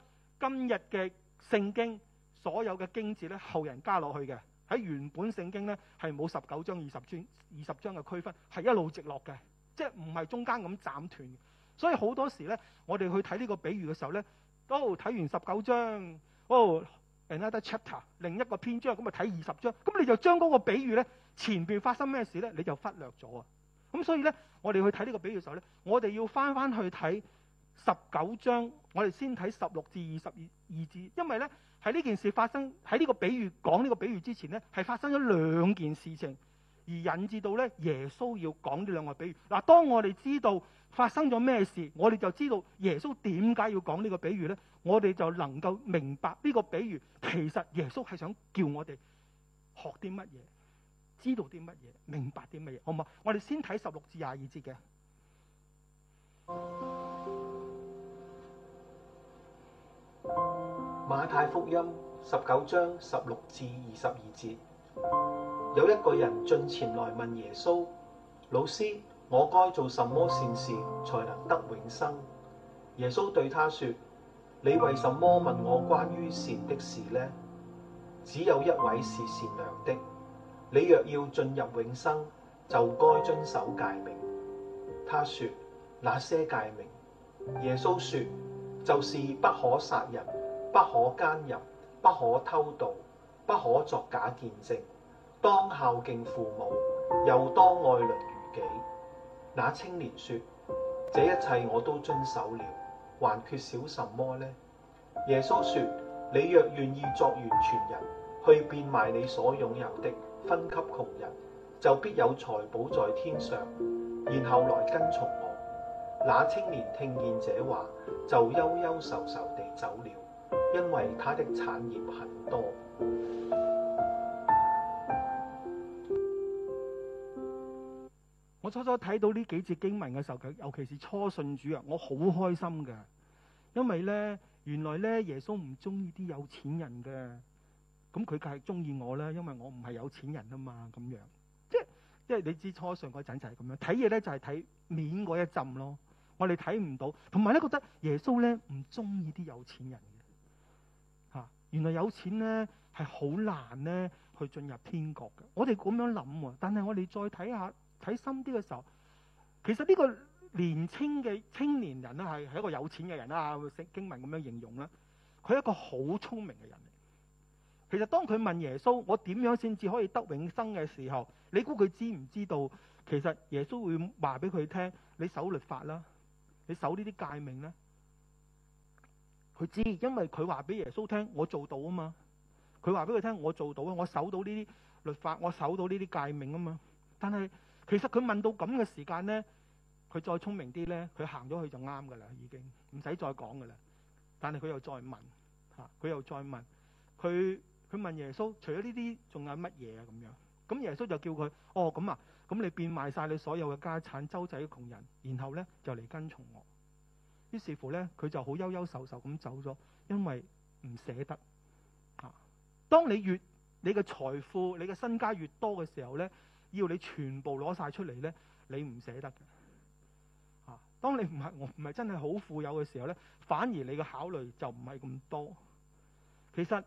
今日嘅聖經所有嘅經節咧，後人加落去嘅，喺原本聖經咧，係冇十九章二十章二十章嘅區分，係一路直落嘅，即係唔係中間咁斬斷。所以好多時咧，我哋去睇呢個比喻嘅時候咧，都、哦、睇完十九章，哦，another chapter 另一個篇章咁啊，睇二十章，咁你就將嗰個比喻咧前邊發生咩事咧，你就忽略咗啊。咁所以咧，我哋去睇呢個比喻嘅時候咧，我哋要返返去睇十九章。我哋先睇十六至二十二二節，因為呢喺呢件事發生喺呢個比喻講呢個比喻之前呢，係發生咗兩件事情而引致到呢耶穌要講呢兩個比喻。嗱，當我哋知道發生咗咩事，我哋就知道耶穌點解要講呢個比喻呢，我哋就能夠明白呢個比喻其實耶穌係想叫我哋學啲乜嘢，知道啲乜嘢，明白啲乜嘢，好唔好？我哋先睇十六至廿二節嘅。 馬太福音十九章十六至二十二節，有一個人進前來問耶穌：老師，我該做什麼善事才能得永生？耶穌對他說：你為什麼問我關於善的事呢？只有一位是善良的，你若要進入永生，就該遵守誡命。他說：那些誡命？耶穌說：就是不可殺人。不可奸淫，不可偷盜，不可作假見證。當孝敬父母，又當愛鄰如己。那青年說：這一切我都遵守了，還缺少什麼呢？耶穌說：你若願意作完全人，去變賣你所擁有的，分給窮人，就必有財寶在天上。然後來跟從我。那青年聽見這話，就憂憂愁愁地走了。因為他的產業很多。我初初睇到呢幾節經文嘅時候，尤其是初信主啊，我好開心嘅，因為呢，原來呢，耶穌唔中意啲有錢人嘅，咁佢梗係中意我啦，因為我唔係有錢人啊嘛。咁樣即係即係你知初信嗰陣就係咁樣睇嘢呢就係睇面嗰一浸咯。我哋睇唔到，同埋呢覺得耶穌呢唔中意啲有錢人。原來有錢咧係好難咧去進入天國嘅。我哋咁樣諗喎，但係我哋再睇下睇深啲嘅時候，其實呢個年輕嘅青年人咧係係一個有錢嘅人啦，經文咁樣形容啦。佢係一個好聰明嘅人嚟。其實當佢問耶穌：我點樣先至可以得永生嘅時候，你估佢知唔知道？其實耶穌會話俾佢聽：你守律法啦，你守呢啲誡命咧。佢知，因為佢話俾耶穌聽，我做到啊嘛。佢話俾佢聽，我做到啊，我守到呢啲律法，我守到呢啲誡命啊嘛。但係其實佢問到咁嘅時間咧，佢再聰明啲咧，佢行咗去就啱噶啦，已經唔使再講噶啦。但係佢又再問，嚇、啊、佢又再問，佢佢問耶穌，除咗呢啲，仲有乜嘢啊？咁樣咁耶穌就叫佢，哦咁啊，咁你變賣晒你所有嘅家產，周濟窮人，然後咧就嚟跟從我。於是乎咧，佢就好憂憂愁愁咁走咗，因為唔捨得。啊，當你越你嘅財富、你嘅身家越多嘅時候咧，要你全部攞晒出嚟咧，你唔捨得。啊，當你唔係我唔係真係好富有嘅時候咧，反而你嘅考慮就唔係咁多。其實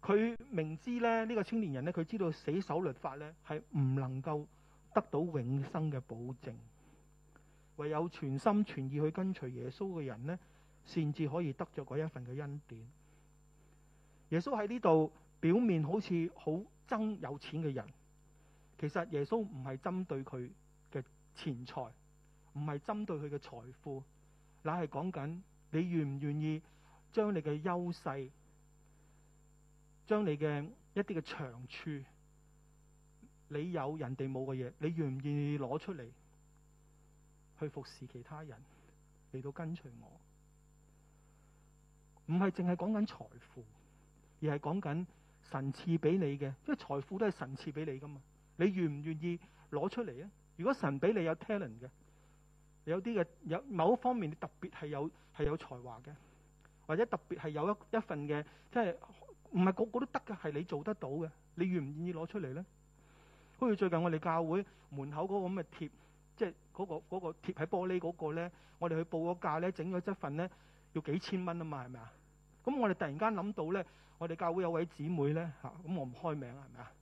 佢明知咧，呢個青年人咧，佢知道死守律法咧，係唔能夠得到永生嘅保證。唯有全心全意去跟隨耶穌嘅人咧，先至可以得着一份嘅恩典。耶穌喺呢度表面好似好憎有錢嘅人，其實耶穌唔係針對佢嘅錢財，唔係針對佢嘅財富，乃係講緊你願唔願意將你嘅優勢、將你嘅一啲嘅長處，你有人哋冇嘅嘢，你願唔願意攞出嚟？去服侍其他人，嚟到跟隨我，唔係淨係講緊財富，而係講緊神賜俾你嘅，因為財富都係神賜俾你噶嘛。你願唔願意攞出嚟啊？如果神俾你有 talent 嘅，有啲嘅，有某一方面你特別係有係有才華嘅，或者特別係有一一份嘅，即係唔係個個都得嘅，係你做得到嘅，你願唔願意攞出嚟咧？好似最近我哋教會門口嗰個咁嘅貼。即係嗰、嗰個嗰、嗰個、貼喺玻璃嗰個咧，我哋去報個價咧，整咗一份咧，要幾千蚊啊嘛，係咪啊？咁、嗯、我哋突然間諗到咧，我哋教會有位姊妹咧嚇，咁、啊嗯、我唔開名啊，係咪啊？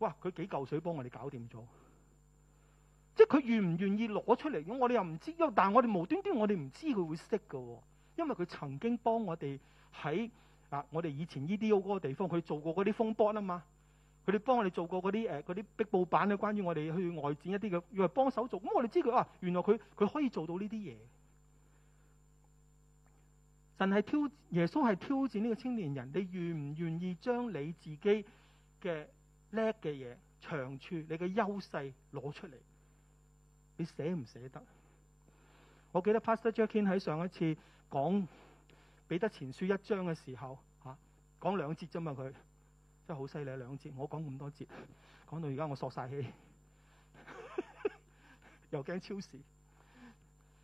哇！佢幾嚿水幫我哋搞掂咗，即係佢願唔願意攞出嚟咁、嗯，我哋又唔知。但係我哋無端端我哋唔知佢會識㗎喎，因為佢曾經幫我哋喺啊我哋以前呢啲嗰個地方，佢做過嗰啲風波啊嘛。佢哋幫我哋做過嗰啲誒，啲壁布版咧，關於我哋去外展一啲嘅，要係幫手做，咁、嗯、我哋知佢啊，原來佢佢可以做到呢啲嘢。神係挑耶穌係挑戰呢個青年人，你願唔願意將你自己嘅叻嘅嘢、長處、你嘅優勢攞出嚟？你捨唔捨得？我記得 Pastor Jackin 喺上一次講彼得前書一章嘅時候，吓講兩節啫嘛，佢。真係好犀利兩節，我講咁多節，講到而家我索晒氣， 又驚超時。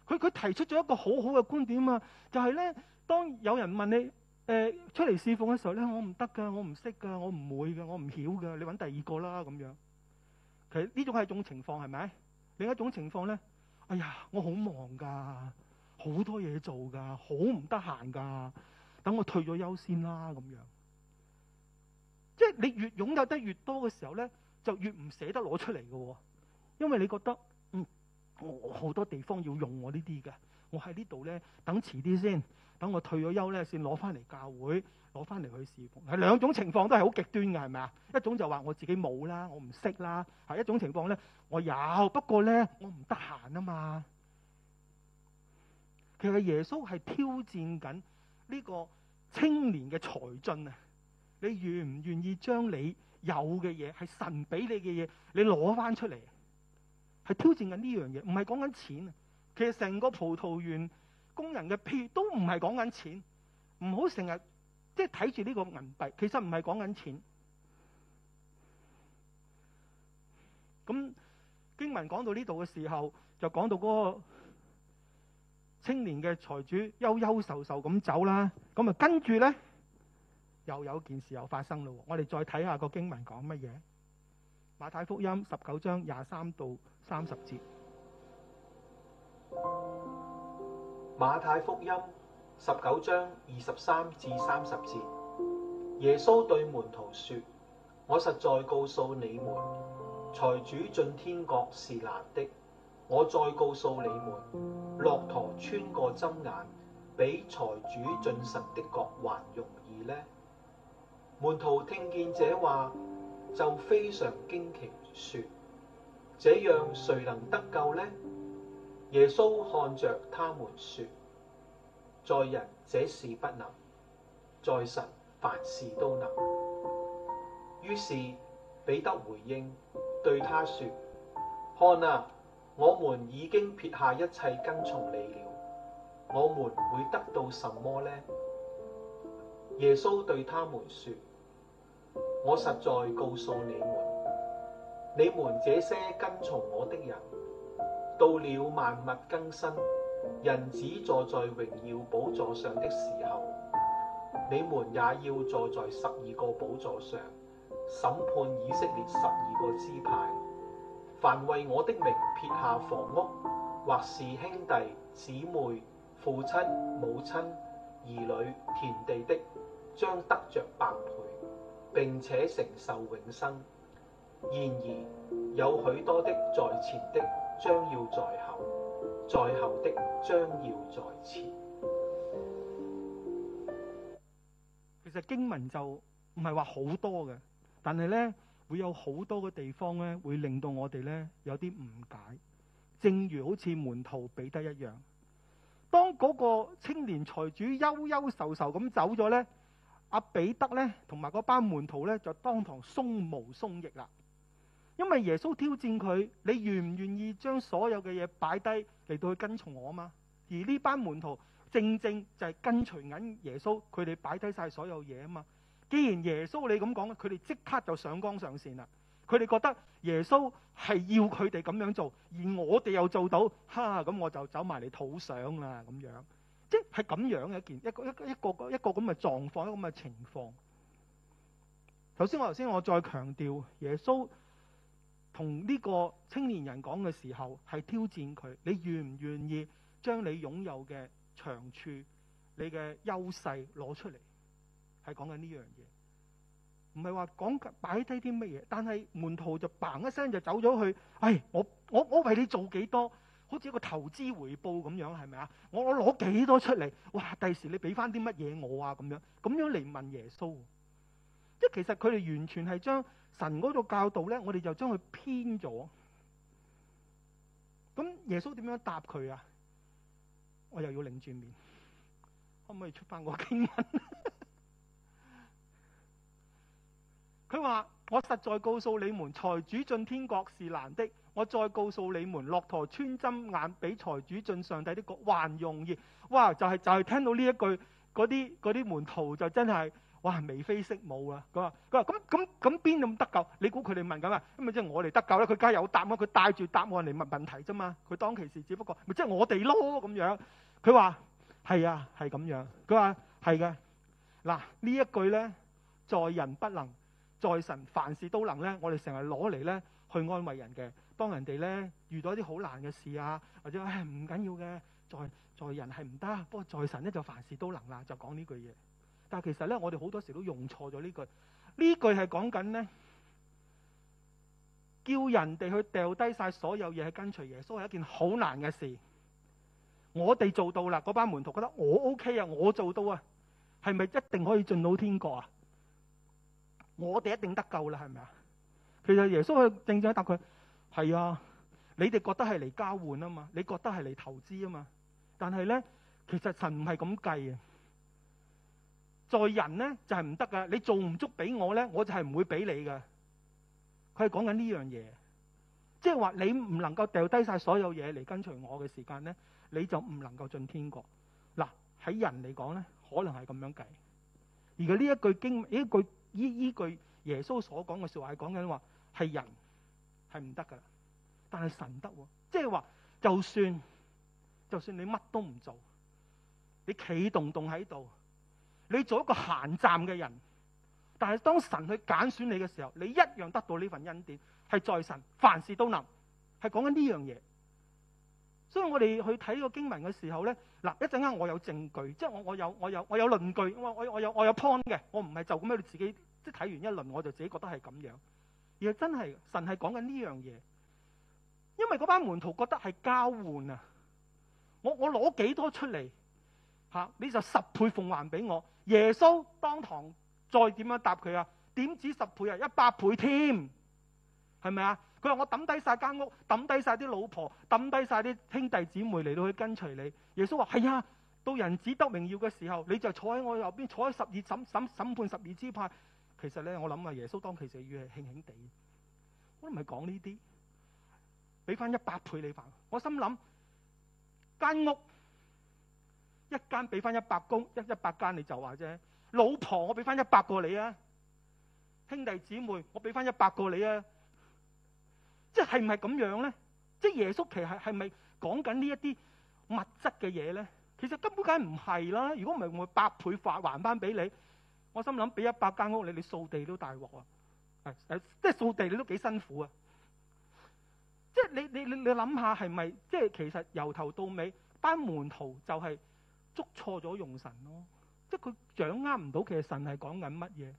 佢佢提出咗一個好好嘅觀點啊，就係、是、咧，當有人問你誒、呃、出嚟侍奉嘅時候咧，我唔得㗎，我唔識㗎，我唔會㗎，我唔曉㗎，你揾第二個啦咁樣。其實呢種係一種情況係咪？另一種情況咧，哎呀，我好忙㗎，好多嘢做㗎，好唔得閒㗎，等我退咗休先啦咁樣。即係你越擁有得越多嘅時候咧，就越唔捨得攞出嚟嘅哦，因為你覺得嗯，我好多地方要用我呢啲嘅，我喺呢度咧等遲啲先，等我退咗休咧先攞翻嚟教會，攞翻嚟去侍奉，係兩種情況都係好極端嘅，係咪啊？一種就話我自己冇啦，我唔識啦，係一種情況咧，我有不過咧我唔得閒啊嘛。其實耶穌係挑戰緊呢個青年嘅才俊啊。你願唔願意將你有嘅嘢係神俾你嘅嘢，你攞翻出嚟？係挑戰緊呢樣嘢，唔係講緊錢啊！其實成個葡萄園工人嘅屁都唔係講緊錢，唔好成日即係睇住呢個銀幣，其實唔係講緊錢。咁經文講到呢度嘅時候，就講到嗰個青年嘅財主憂憂愁愁咁走啦。咁啊，跟住咧。又有件事又發生咯。我哋再睇下個經文講乜嘢？馬太福音十九章廿三到三十節。馬太福音十九章二十三至三十節。耶穌對門徒說：我實在告訴你們，財主進天國是難的。我再告訴你們，駱駝穿過針眼，比財主進神的國還容易呢。門徒聽見這話，就非常驚奇，說：這樣誰能得救呢？耶穌看着他們說：在人這事不能，在神凡事都能。於是彼得回應，對他說：看啊，我們已經撇下一切跟從你了，我們會得到什麼呢？耶穌對他們說：我實在告訴你們，你們這些跟從我的人，到了萬物更新、人只人子坐在榮耀寶座上的時候，你們也要坐在十二個寶座上，審判以色列十二個支派。凡為我的名撇下房屋，或是兄弟姊妹、父親母親、兒女、田地的，將得着百倍。並且承受永生。然而，有許多的在前的將要在後，在後的將要在前。其實經文就唔係話好多嘅，但係咧會有好多嘅地方咧會令到我哋咧有啲誤解。正如好似門徒彼得一樣，當嗰個青年財主憂憂愁愁咁走咗咧。阿彼得咧，同埋嗰班門徒咧，就當堂鬆毛鬆翼啦，因為耶穌挑戰佢：你願唔願意將所有嘅嘢擺低嚟到去跟從我嘛？而呢班門徒正正就係跟隨緊耶穌，佢哋擺低晒所有嘢啊嘛。既然耶穌你咁講，佢哋即刻就上綱上線啦。佢哋覺得耶穌係要佢哋咁樣做，而我哋又做到，哈，咁我就走埋嚟討賞啦咁樣。即係咁樣嘅一件一個一一個一個咁嘅狀況，一個咁嘅情況。頭先我頭先我再強調，耶穌同呢個青年人講嘅時候係挑戰佢：你願唔願意將你擁有嘅長處，你嘅優勢攞出嚟？係講緊呢樣嘢，唔係話講擺低啲乜嘢。但係門徒就砰一聲就走咗去。唉、哎，我我我為你做幾多？好似一個投資回報咁樣，係咪啊？我我攞幾多出嚟，哇！第時你俾翻啲乜嘢我啊？咁樣咁樣嚟問耶穌，即係其實佢哋完全係將神嗰個教導咧，我哋就將佢偏咗。咁耶穌點樣答佢啊？我又要擰轉面，可唔可以出翻個經文？佢 話：我實在告訴你們，財主進天國是難的。我再告訴你們，駱駝穿針眼比財主進上帝的國還容易。哇！就係就係聽到呢一句，嗰啲啲門徒就真係哇眉飛色舞啊！佢話佢話咁咁咁邊度得救？你估佢哋問緊啊？咁咪即係我哋得救啦！佢梗係有答案，佢帶住答案嚟問問題啫嘛。佢當其時，只不過咪即係我哋咯咁樣。佢話係啊，係咁樣。佢話係嘅，嗱呢一句咧，在人不能，在神凡事都能咧。我哋成日攞嚟咧去安慰人嘅。當人哋咧遇到一啲好難嘅事啊，或者唔緊要嘅，在在人係唔得，不過在神咧就凡事都能啦。就講呢句嘢，但係其實咧，我哋好多時都用錯咗呢句，句呢句係講緊咧，叫人哋去掉低晒所有嘢，去跟隨耶穌係一件好難嘅事。我哋做到啦，嗰班門徒覺得我 OK 啊，我做到啊，係咪一定可以進到天國啊？我哋一定得救啦，係咪啊？其實耶穌正正答佢。係啊，你哋覺得係嚟交換啊嘛，你覺得係嚟投資啊嘛，但係咧，其實神唔係咁計嘅。在人咧就係唔得噶，你做唔足俾我咧，我就係唔會俾你噶。佢係講緊呢樣嘢，即係話你唔能夠掉低晒所有嘢嚟跟隨我嘅時間咧，你就唔能夠進天國。嗱，喺人嚟講咧，可能係咁樣計，而嗰呢一句經呢句依依句耶穌所講嘅説話係講緊話係人係唔得噶啦，但係神得喎，即係話就算就算你乜都唔做，你企動動喺度，你做一個閒站嘅人，但係當神去揀選你嘅時候，你一樣得到呢份恩典。係在神凡事都能，係講緊呢樣嘢。所以我哋去睇呢個經文嘅時候咧，嗱一陣間我有證據，即係我我有我有我有論據，我有我有我有 point 嘅，我唔係就咁樣你自己即係睇完一輪我就自己覺得係咁樣。而真係神係講緊呢樣嘢，因為嗰班門徒覺得係交換啊我！我我攞幾多出嚟吓，啊，你就十倍奉還俾我。耶穌當堂再點樣答佢啊？點止十倍啊？一百倍添，係咪啊？佢話我抌低晒間屋，抌低晒啲老婆，抌低晒啲兄弟姊妹嚟到去跟隨你耶穌。耶穌話係啊，到人子得榮耀嘅時候，你就坐喺我右邊，坐喺十二審審審判十二支派。其實咧，我諗啊，耶穌當其時要係興興地，我都唔係講呢啲，俾翻一百倍你還。我心諗間屋一間俾翻一百公，一一百間你就話啫。老婆我俾翻一百個你啊，兄弟姊妹我俾翻一百個你啊，即係唔係咁樣咧？即係耶穌其實係咪講緊呢一啲物質嘅嘢咧？其實根本梗係唔係啦。如果唔係，會百倍發還翻俾你。我心諗俾一百間屋你，掃掃你，你掃地都大鑊啊！係，即係掃地你都幾辛苦啊！即係你你你你諗下係咪？即係其實由頭到尾，班門徒就係捉錯咗用神咯，即係佢掌握唔到其實神係講緊乜嘢。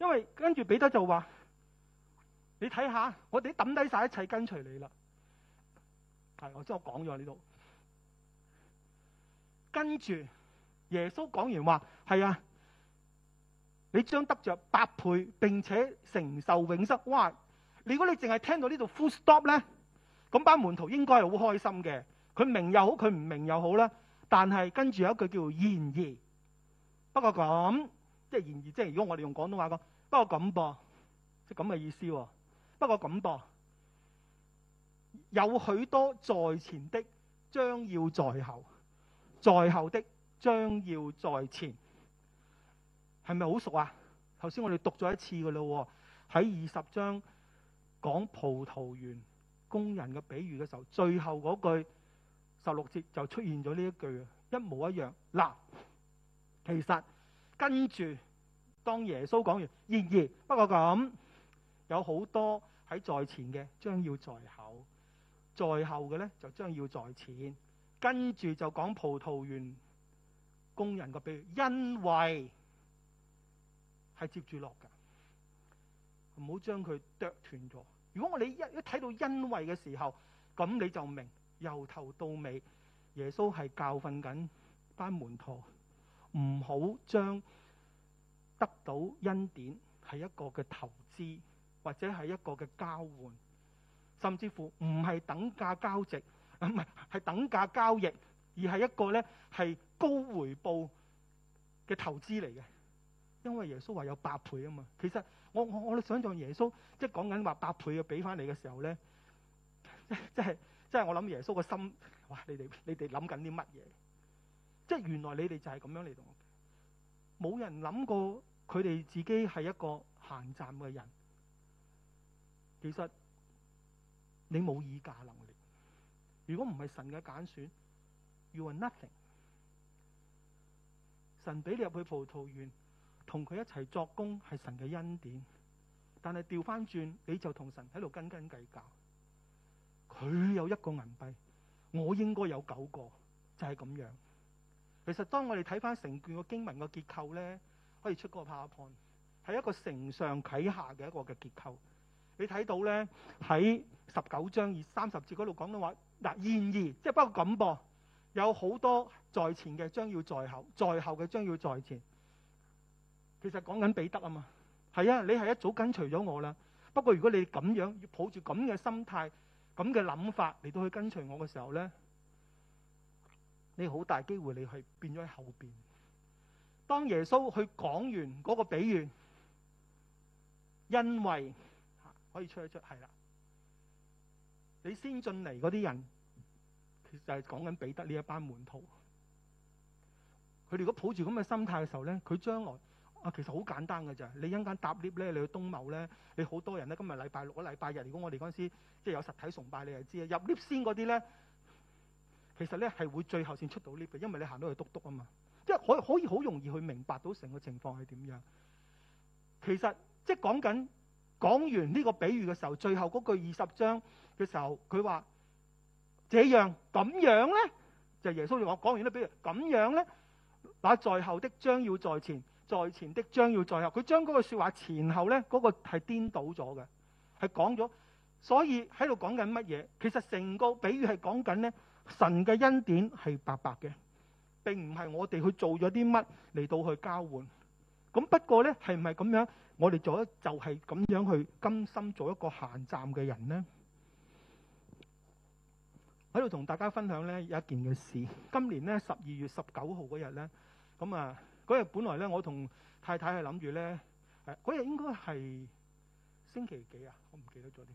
因為跟住彼得就話：你睇下，我哋抌低晒一切跟隨你啦。係，我知我講咗呢度。跟住耶穌講完話，係啊。你將得着百倍，並且承受永生。哇！如果你淨係聽到呢度 full stop 呢，咁班門徒應該係好開心嘅。佢明又好，佢唔明又好啦。但係跟住有一句叫做「然而」。不過咁即係然而，即係如果我哋用廣東話講，不過咁噃，即係咁嘅意思喎。不過咁噃，有許多在前的將要在後，在後的將要在前。係咪好熟啊？頭先我哋讀咗一次㗎喇喎，喺二十章講葡萄園工人嘅比喻嘅時候，最後嗰句十六節就出現咗呢一句，啊：「一模一樣」。嗱，其實跟住當耶穌講完，然而不過咁有好多喺在，在前嘅將要在後，在後嘅咧就將要在前，跟住就講葡萄園工人嘅比喻，因為。係接住落噶，唔好將佢剁斷咗。如果我哋一一睇到恩惠嘅時候，咁你就明由頭到尾，耶穌係教訓緊班門徒，唔好將得到恩典係一個嘅投資，或者係一個嘅交換，甚至乎唔係等價交值，唔係，係等價交易，而係一個呢係高回報嘅投資嚟嘅。因為耶穌話有八倍啊嘛，其實我我我哋想象耶穌即係講緊話八倍嘅俾翻你嘅時候咧，即係即係我諗耶穌個心，哇！你哋你哋諗緊啲乜嘢？即係原來你哋就係咁樣嚟到，冇人諗過佢哋自己係一個閒站嘅人。其實你冇議價能力，如果唔係神嘅揀選，you are nothing。神俾你入去葡萄園。同佢一齊作工係神嘅恩典，但係調翻轉你就同神喺度斤斤計較。佢有一個銀幣，我應該有九個，就係咁樣。其實當我哋睇翻成卷個經文個結構咧，可以出個 powerpoint，係一個承上啟下嘅一個嘅結構。你睇到咧喺十九章二三十節嗰度講到話嗱，然而即係包括咁噃，有好多在前嘅將要在後，在後嘅將要在前。其實講緊彼得啊嘛，係啊，你係一早跟隨咗我啦。不過如果你咁樣要抱住咁嘅心態、咁嘅諗法嚟到去跟隨我嘅時候咧，你好大機會你係變咗喺後邊。當耶穌去講完嗰個比喻，因為可以出一出，係啦、啊，你先進嚟嗰啲人，其實係講緊彼得呢一班門徒。佢哋如果抱住咁嘅心態嘅時候咧，佢將來。啊，其實好簡單㗎咋。你一陣搭 lift 咧，你去東茂咧，你好多人咧。今日禮拜六啊，禮拜日。如果我哋嗰陣時即係有實體崇拜，你就知啊入 lift 先嗰啲咧，其實咧係會最後先出到 lift 嘅，因為你行到去督篤啊嘛，即係可可以好容易去明白到成個情況係點樣。其實即係講緊講完呢個比喻嘅時候，最後嗰句二十章嘅時候，佢話這樣咁樣咧，就是、耶穌就話講完啦。比喻咁樣咧，那在後的將要在前。在前的將要在後，佢將嗰個說話前後咧，嗰個係顛倒咗嘅，係講咗。所以喺度講緊乜嘢？其實成個比喻係講緊咧，神嘅恩典係白白嘅，並唔係我哋去做咗啲乜嚟到去交換。咁不過咧，係唔係咁樣？我哋做一就係咁樣去甘心做一個閒站嘅人咧。喺度同大家分享咧，有一件嘅事。今年咧，十二月十九號嗰日咧，咁啊。嗰日本來咧，我同太太係諗住咧，誒嗰日應該係星期幾啊？我唔記得咗添。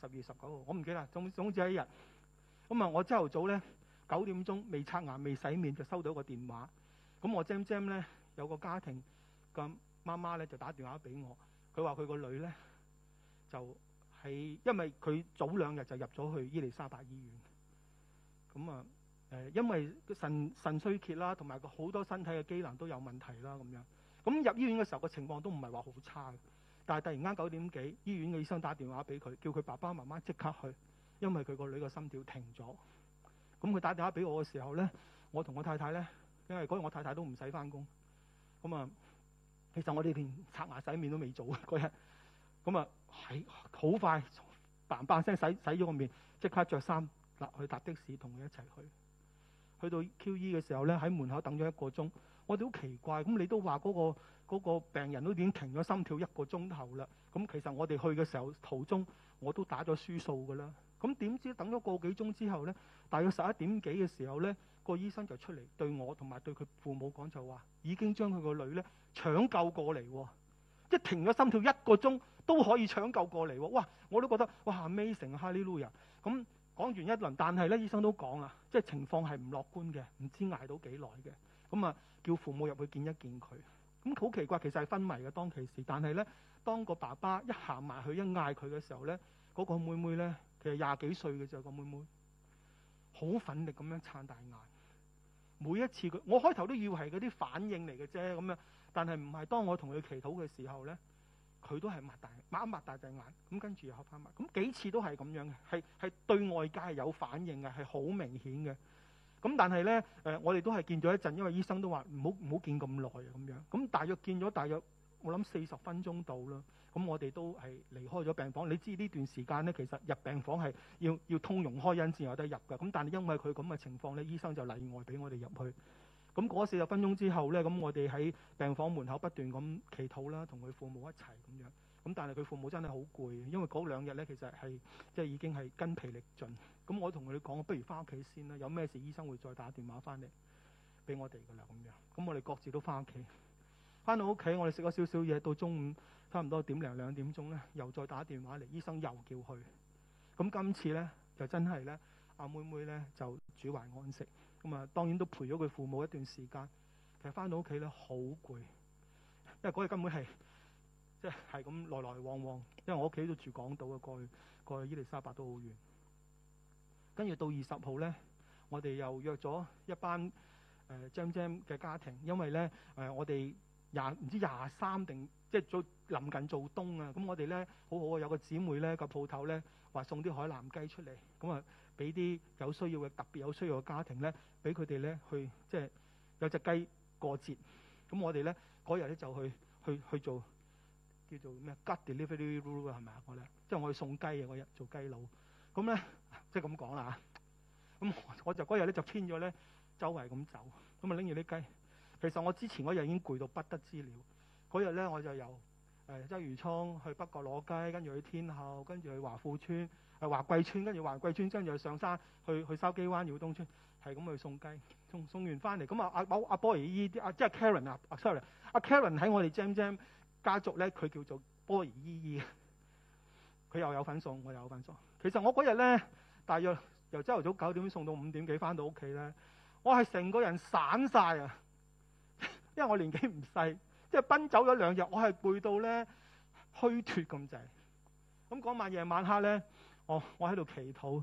十月十九號，我唔記得啦。總總之係一日。咁啊，我朝頭早咧九點鐘，未刷牙未洗面就收到個電話。咁我 Jam Jam 咧，有個家庭個媽媽咧就打電話俾我，佢話佢個女咧就係因為佢早兩日就入咗去伊利沙伯醫院。咁啊～誒，因為個腎腎衰竭啦，同埋個好多身體嘅機能都有問題啦，咁樣咁入醫院嘅時候個情況都唔係話好差嘅。但係突然間九點幾，醫院嘅醫生打電話俾佢，叫佢爸爸媽媽即刻去，因為佢個女個心跳停咗。咁佢打電話俾我嘅時候咧，我同我太太咧，因為嗰日我太太都唔使翻工，咁啊，其實我哋連刷牙洗面都未做嗰日，咁啊，係好快嘭嘭聲洗洗咗個面，即刻着衫落去搭的士同佢一齊去。去到 Q.E. 嘅時候咧，喺門口等咗一個鐘，我哋好奇怪。咁你都話嗰、嗰個嗰個病人都已經停咗心跳一個鐘頭啦。咁其實我哋去嘅時候途中我都打咗輸數㗎啦。咁點知等咗個幾鐘之後咧，大約十一點幾嘅時候咧，個醫生就出嚟對我同埋對佢父母講就話，已經將佢個女咧搶救過嚟喎、哦。即停咗心跳一個鐘都可以搶救過嚟喎、哦。哇！我都覺得哇，Amazing 下尾成哈利路亞咁。Amazing，講完一輪，但係咧醫生都講啦，即係情況係唔樂觀嘅，唔知捱到幾耐嘅。咁啊，叫父母入去見一見佢。咁好奇怪，其實係昏迷嘅當其時，但係咧，當個爸爸一行埋去一嗌佢嘅時候咧，嗰個妹妹咧，其實廿幾歲嘅啫，個妹妹，好奮力咁樣撐大眼。每一次佢，我開頭都以為係嗰啲反應嚟嘅啫，咁樣。但係唔係當我同佢祈禱嘅時候咧？佢都係擘大，擘一擘大隻眼，咁跟住又開翻擘，咁、嗯、幾次都係咁樣嘅，係係對外界係有反應嘅，係好明顯嘅。咁、嗯、但係咧，誒、呃、我哋都係見咗一陣，因為醫生都話唔好唔好見咁耐啊咁樣。咁、嗯、大約見咗大約我諗四十分鐘到啦。咁、嗯、我哋都係離開咗病房。你知呢段時間咧，其實入病房係要要通融開恩先有得入嘅。咁、嗯、但係因為佢咁嘅情況咧，醫生就例外俾我哋入去。咁嗰四十分鐘之後咧，咁我哋喺病房門口不斷咁祈禱啦，同佢父母一齊咁樣。咁但係佢父母真係好攰，因為嗰兩日咧，其實係即係已經係筋疲力盡。咁我同佢哋講，不如翻屋企先啦。有咩事醫生會再打電話翻嚟俾我哋噶啦咁樣。咁我哋各自都翻屋企。翻到屋企，我哋食咗少少嘢，到中午差唔多點零兩點鐘咧，又再打電話嚟，醫生又叫去。咁今次咧就真係咧，阿妹妹咧就主懷安息。咁啊、嗯，當然都陪咗佢父母一段時間。其實翻到屋企咧，好攰，因為嗰日根本係即係咁來來往往。因為我屋企都住港島啊，過去過去伊利沙伯都好遠。跟住到二十號咧，我哋又約咗一班誒、呃、Jam Jam 嘅家庭，因為咧誒、呃、我哋廿唔知廿三定即係做臨近做冬啊。咁、嗯、我哋咧好好啊，有個姊妹咧個鋪頭咧話送啲海南雞出嚟，咁、嗯、啊～、嗯俾啲有需要嘅特別有需要嘅家庭咧，俾佢哋咧去即係有隻雞過節，咁我哋咧嗰日咧就去去去做叫做咩？雞 delivery 係咪啊？我咧即係我去送雞啊！我日做雞佬，咁、嗯、咧即係咁講啦，咁我就嗰日咧就編咗咧，周圍咁走，咁啊拎住啲雞。其實我之前嗰日已經攰到不得之了。嗰日咧我就由誒鰂、哎、魚涌去北角攞雞，跟住去天后，跟住去華富村。係華貴村，跟住華貴村，跟住去上山去去筲箕灣、耀東村，係咁去送雞送送完翻嚟，咁啊！阿某阿波兒姨姨啲阿、啊、即係 Karen 啊，sorry，阿、啊、Karen 喺我哋 Jam Jam 家族咧，佢叫做波兒姨姨，佢又有份送，我又有份送。其實我嗰日咧，大約由朝頭早九點送到五點幾翻到屋企咧，我係成個人散晒啊，因為我年紀唔細，即係奔走咗兩日，我係攰到咧虛脫咁滯。咁嗰晚夜晚黑咧。哦、我我喺度祈禱，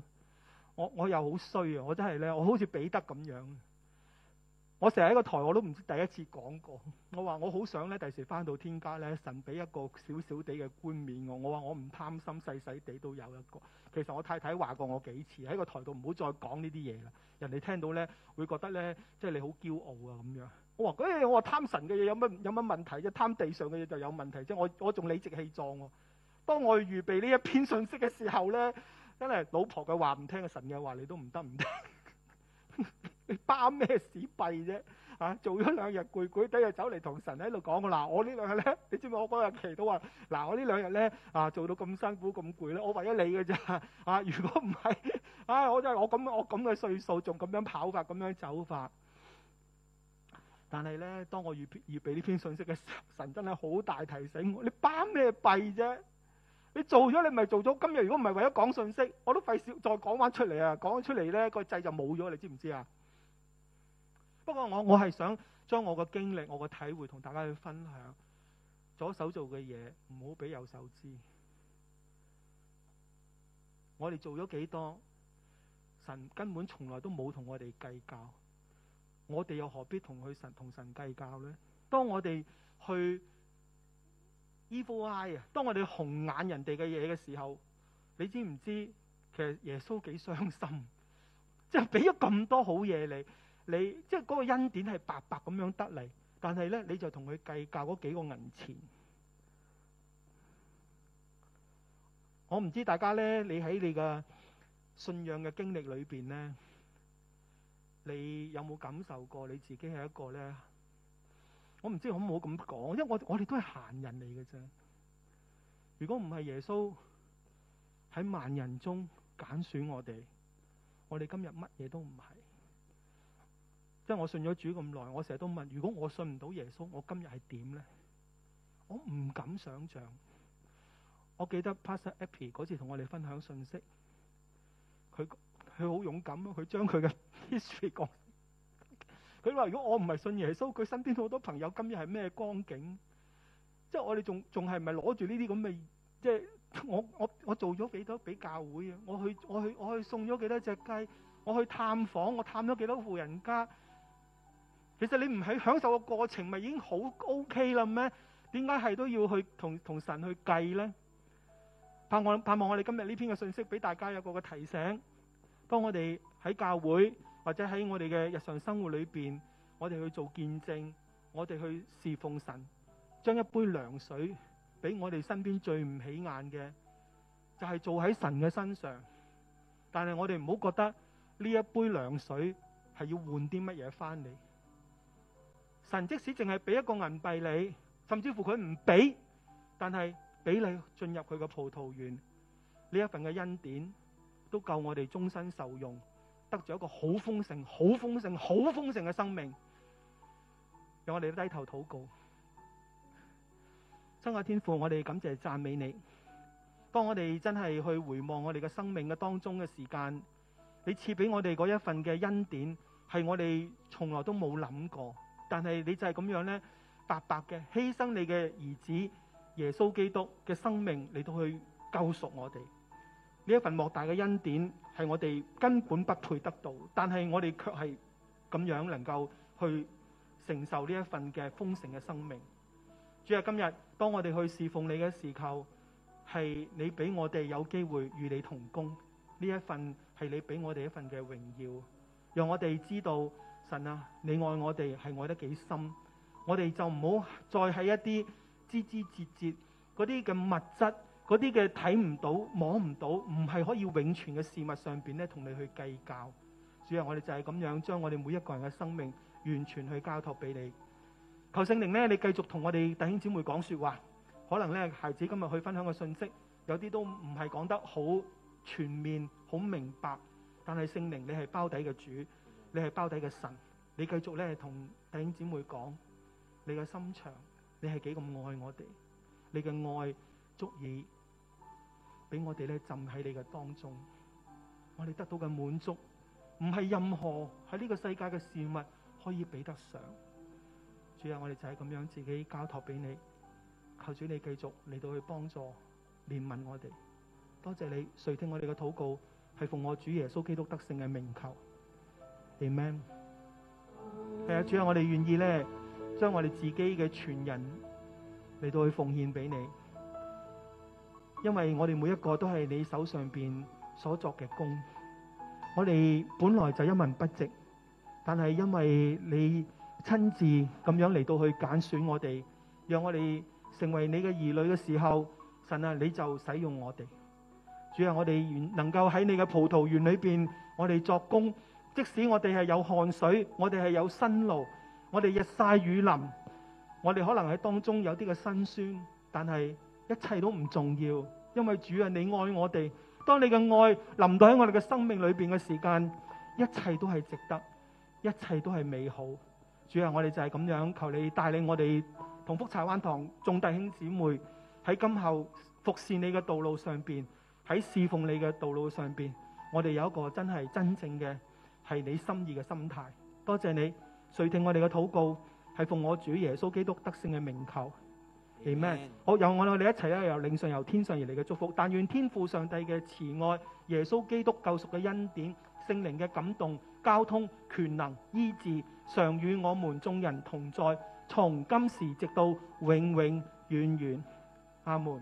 我我又好衰啊！我真係咧，我好似彼得咁樣。我成日喺個台，我都唔知第一次講過。我話我好想咧，第時返到天家咧，神俾一個小小哋嘅冠冕我。我話我唔貪心，細細哋都有一個。其實我太太話過我幾次，喺個台度唔好再講呢啲嘢啦。人哋聽到咧會覺得咧，即係你好驕傲啊咁樣。我話誒、哎，我話貪神嘅嘢有乜有乜問題啫？貪地上嘅嘢就有問題啫。我我仲理直氣壯喎、啊。當我預備呢一篇信息嘅時候咧，真係老婆嘅話唔聽，神嘅話你都唔得唔聽。 你包咩屎弊啫？啊，做咗兩日攰攰，第日走嚟同神喺度講：，嗱，啊，我兩呢兩日咧，你知唔知我，啊？我嗰日祈都話：，嗱，我呢兩日咧啊，做到咁辛苦咁攰咧，我為咗你嘅咋？啊，如果唔係，唉，啊，我真係我咁我咁嘅歲數，仲咁樣跑法，咁樣走法。但係咧，當我預備預備呢篇信息嘅時候，神，真係好大提醒我：，你包咩弊啫？你做咗，你咪做咗。今日如果唔係，為咗講信息，我都費事再講翻出嚟啊！講咗出嚟，呢個掣就冇咗，你知唔知啊？不過我我係想將我個經歷，我個體會同大家去分享。左手做嘅嘢，唔好俾右手知。我哋做咗幾多？神根本從來都冇同我哋計較。我哋又何必同佢神同神計較呢？當我哋去。Evil Eye 啊！當我哋紅眼人哋嘅嘢嘅時候，你知唔知其實耶穌幾傷心？即係俾咗咁多好嘢你，你即係嗰個恩典係白白咁樣得嚟，但係咧你就同佢計較嗰幾個銀錢。我唔知大家咧，你喺你嘅信仰嘅經歷裏邊咧，你有冇感受過你自己係一個咧？我唔知可唔可以咁講，因為我我哋都係閒人嚟嘅啫。如果唔係耶穌喺萬人中揀選我哋，我哋今日乜嘢都唔係。即係我信咗主咁耐，我成日都問：如果我信唔到耶穌，我今日係點咧？我唔敢想像。我記得 Pastor Eppie 嗰次同我哋分享信息，佢佢好勇敢咯，佢將佢嘅 history 講。佢話：如果我唔係信耶穌，佢身邊好多朋友今日係咩光景？即係我哋仲仲係咪攞住呢啲咁嘅？即係我我我做咗幾多俾教會啊？我去我去我去送咗幾多隻雞？我去探訪我探咗幾多戶人家？其實你唔係享受個過程，咪已經好 OK 啦咩？點解係都要去同同神去計咧？盼望盼望我哋今日呢篇嘅信息俾大家有個嘅提醒，幫我哋喺教會。或者喺我哋嘅日常生活裏邊，我哋去做見證，我哋去侍奉神，將一杯涼水俾我哋身邊最唔起眼嘅，就係做喺神嘅身上。但係我哋唔好覺得呢一杯涼水係要換啲乜嘢返嚟。神即使淨係俾一個銀幣你，甚至乎佢唔俾，但係俾你進入佢嘅葡萄園呢一份嘅恩典，都夠我哋終身受用。得咗一個好豐盛、好豐盛、好豐盛嘅生命，讓我哋都低頭禱告。親愛天父，我哋感謝讚美你。當我哋真係去回望我哋嘅生命嘅當中嘅時間，你賜俾我哋嗰一份嘅恩典，係我哋從來都冇諗過，但係你就係咁樣咧，白白嘅犧牲你嘅兒子耶穌基督嘅生命嚟到去救贖我哋呢一份莫大嘅恩典。係我哋根本不配得到，但係我哋卻係咁樣能夠去承受呢一份嘅豐盛嘅生命。主啊，今日當我哋去侍奉你嘅時候，係你俾我哋有機會與你同工呢一份，係你俾我哋一份嘅榮耀，讓我哋知道神啊，你愛我哋係愛得幾深。我哋就唔好再喺一啲枝枝節節嗰啲嘅物質。嗰啲嘅睇唔到、摸唔到、唔係可以永存嘅事物上邊咧，同你去計較，主啊，我哋就係咁樣將我哋每一個人嘅生命完全去交託俾你。求聖靈咧，你繼續同我哋弟兄姊妹講說話。可能咧，孩子今日去分享嘅信息有啲都唔係講得好全面，好明白。但係聖靈，你係包底嘅主，你係包底嘅神。你繼續咧同弟兄姊妹講，你嘅心腸，你係幾咁愛我哋。你嘅愛足以。俾我哋咧浸喺你嘅當中，我哋得到嘅滿足，唔係任何喺呢個世界嘅事物可以比得上。主啊，我哋就係咁樣自己交託俾你，求主你繼續嚟到去幫助憐憫我哋。多謝你垂聽我哋嘅禱告，係奉我主耶穌基督得勝嘅名求。Amen。係啊，主啊，我哋願意咧，將我哋自己嘅全人嚟到去奉獻俾你。因為我哋每一個都係你手上邊所作嘅工，我哋本來就一文不值，但係因為你親自咁樣嚟到去揀選我哋，讓我哋成為你嘅兒女嘅時候，神啊，你就使用我哋。主要我哋能夠喺你嘅葡萄園裏邊，我哋作工，即使我哋係有汗水，我哋係有辛勞，我哋日曬雨淋，我哋可能喺當中有啲嘅辛酸，但係，一切都唔重要，因為主啊，你愛我哋。當你嘅愛臨到喺我哋嘅生命裏邊嘅時間，一切都係值得，一切都係美好。主啊，我哋就係咁樣，求你帶領我哋同福柴灣堂眾弟兄姊妹喺今後服侍你嘅道路上邊，喺侍奉你嘅道路上邊，我哋有一個真係真正嘅係你心意嘅心態。多謝你垂聽我哋嘅禱告，係奉我主耶穌基督得勝嘅名求。Amen. Amen. 好，有我哋一齊咧，由領上由天上而嚟嘅祝福。但願天父上帝嘅慈愛、耶穌基督救贖嘅恩典、聖靈嘅感動、交通、權能、醫治，常與我們眾人同在，從今時直到永永遠遠。阿門。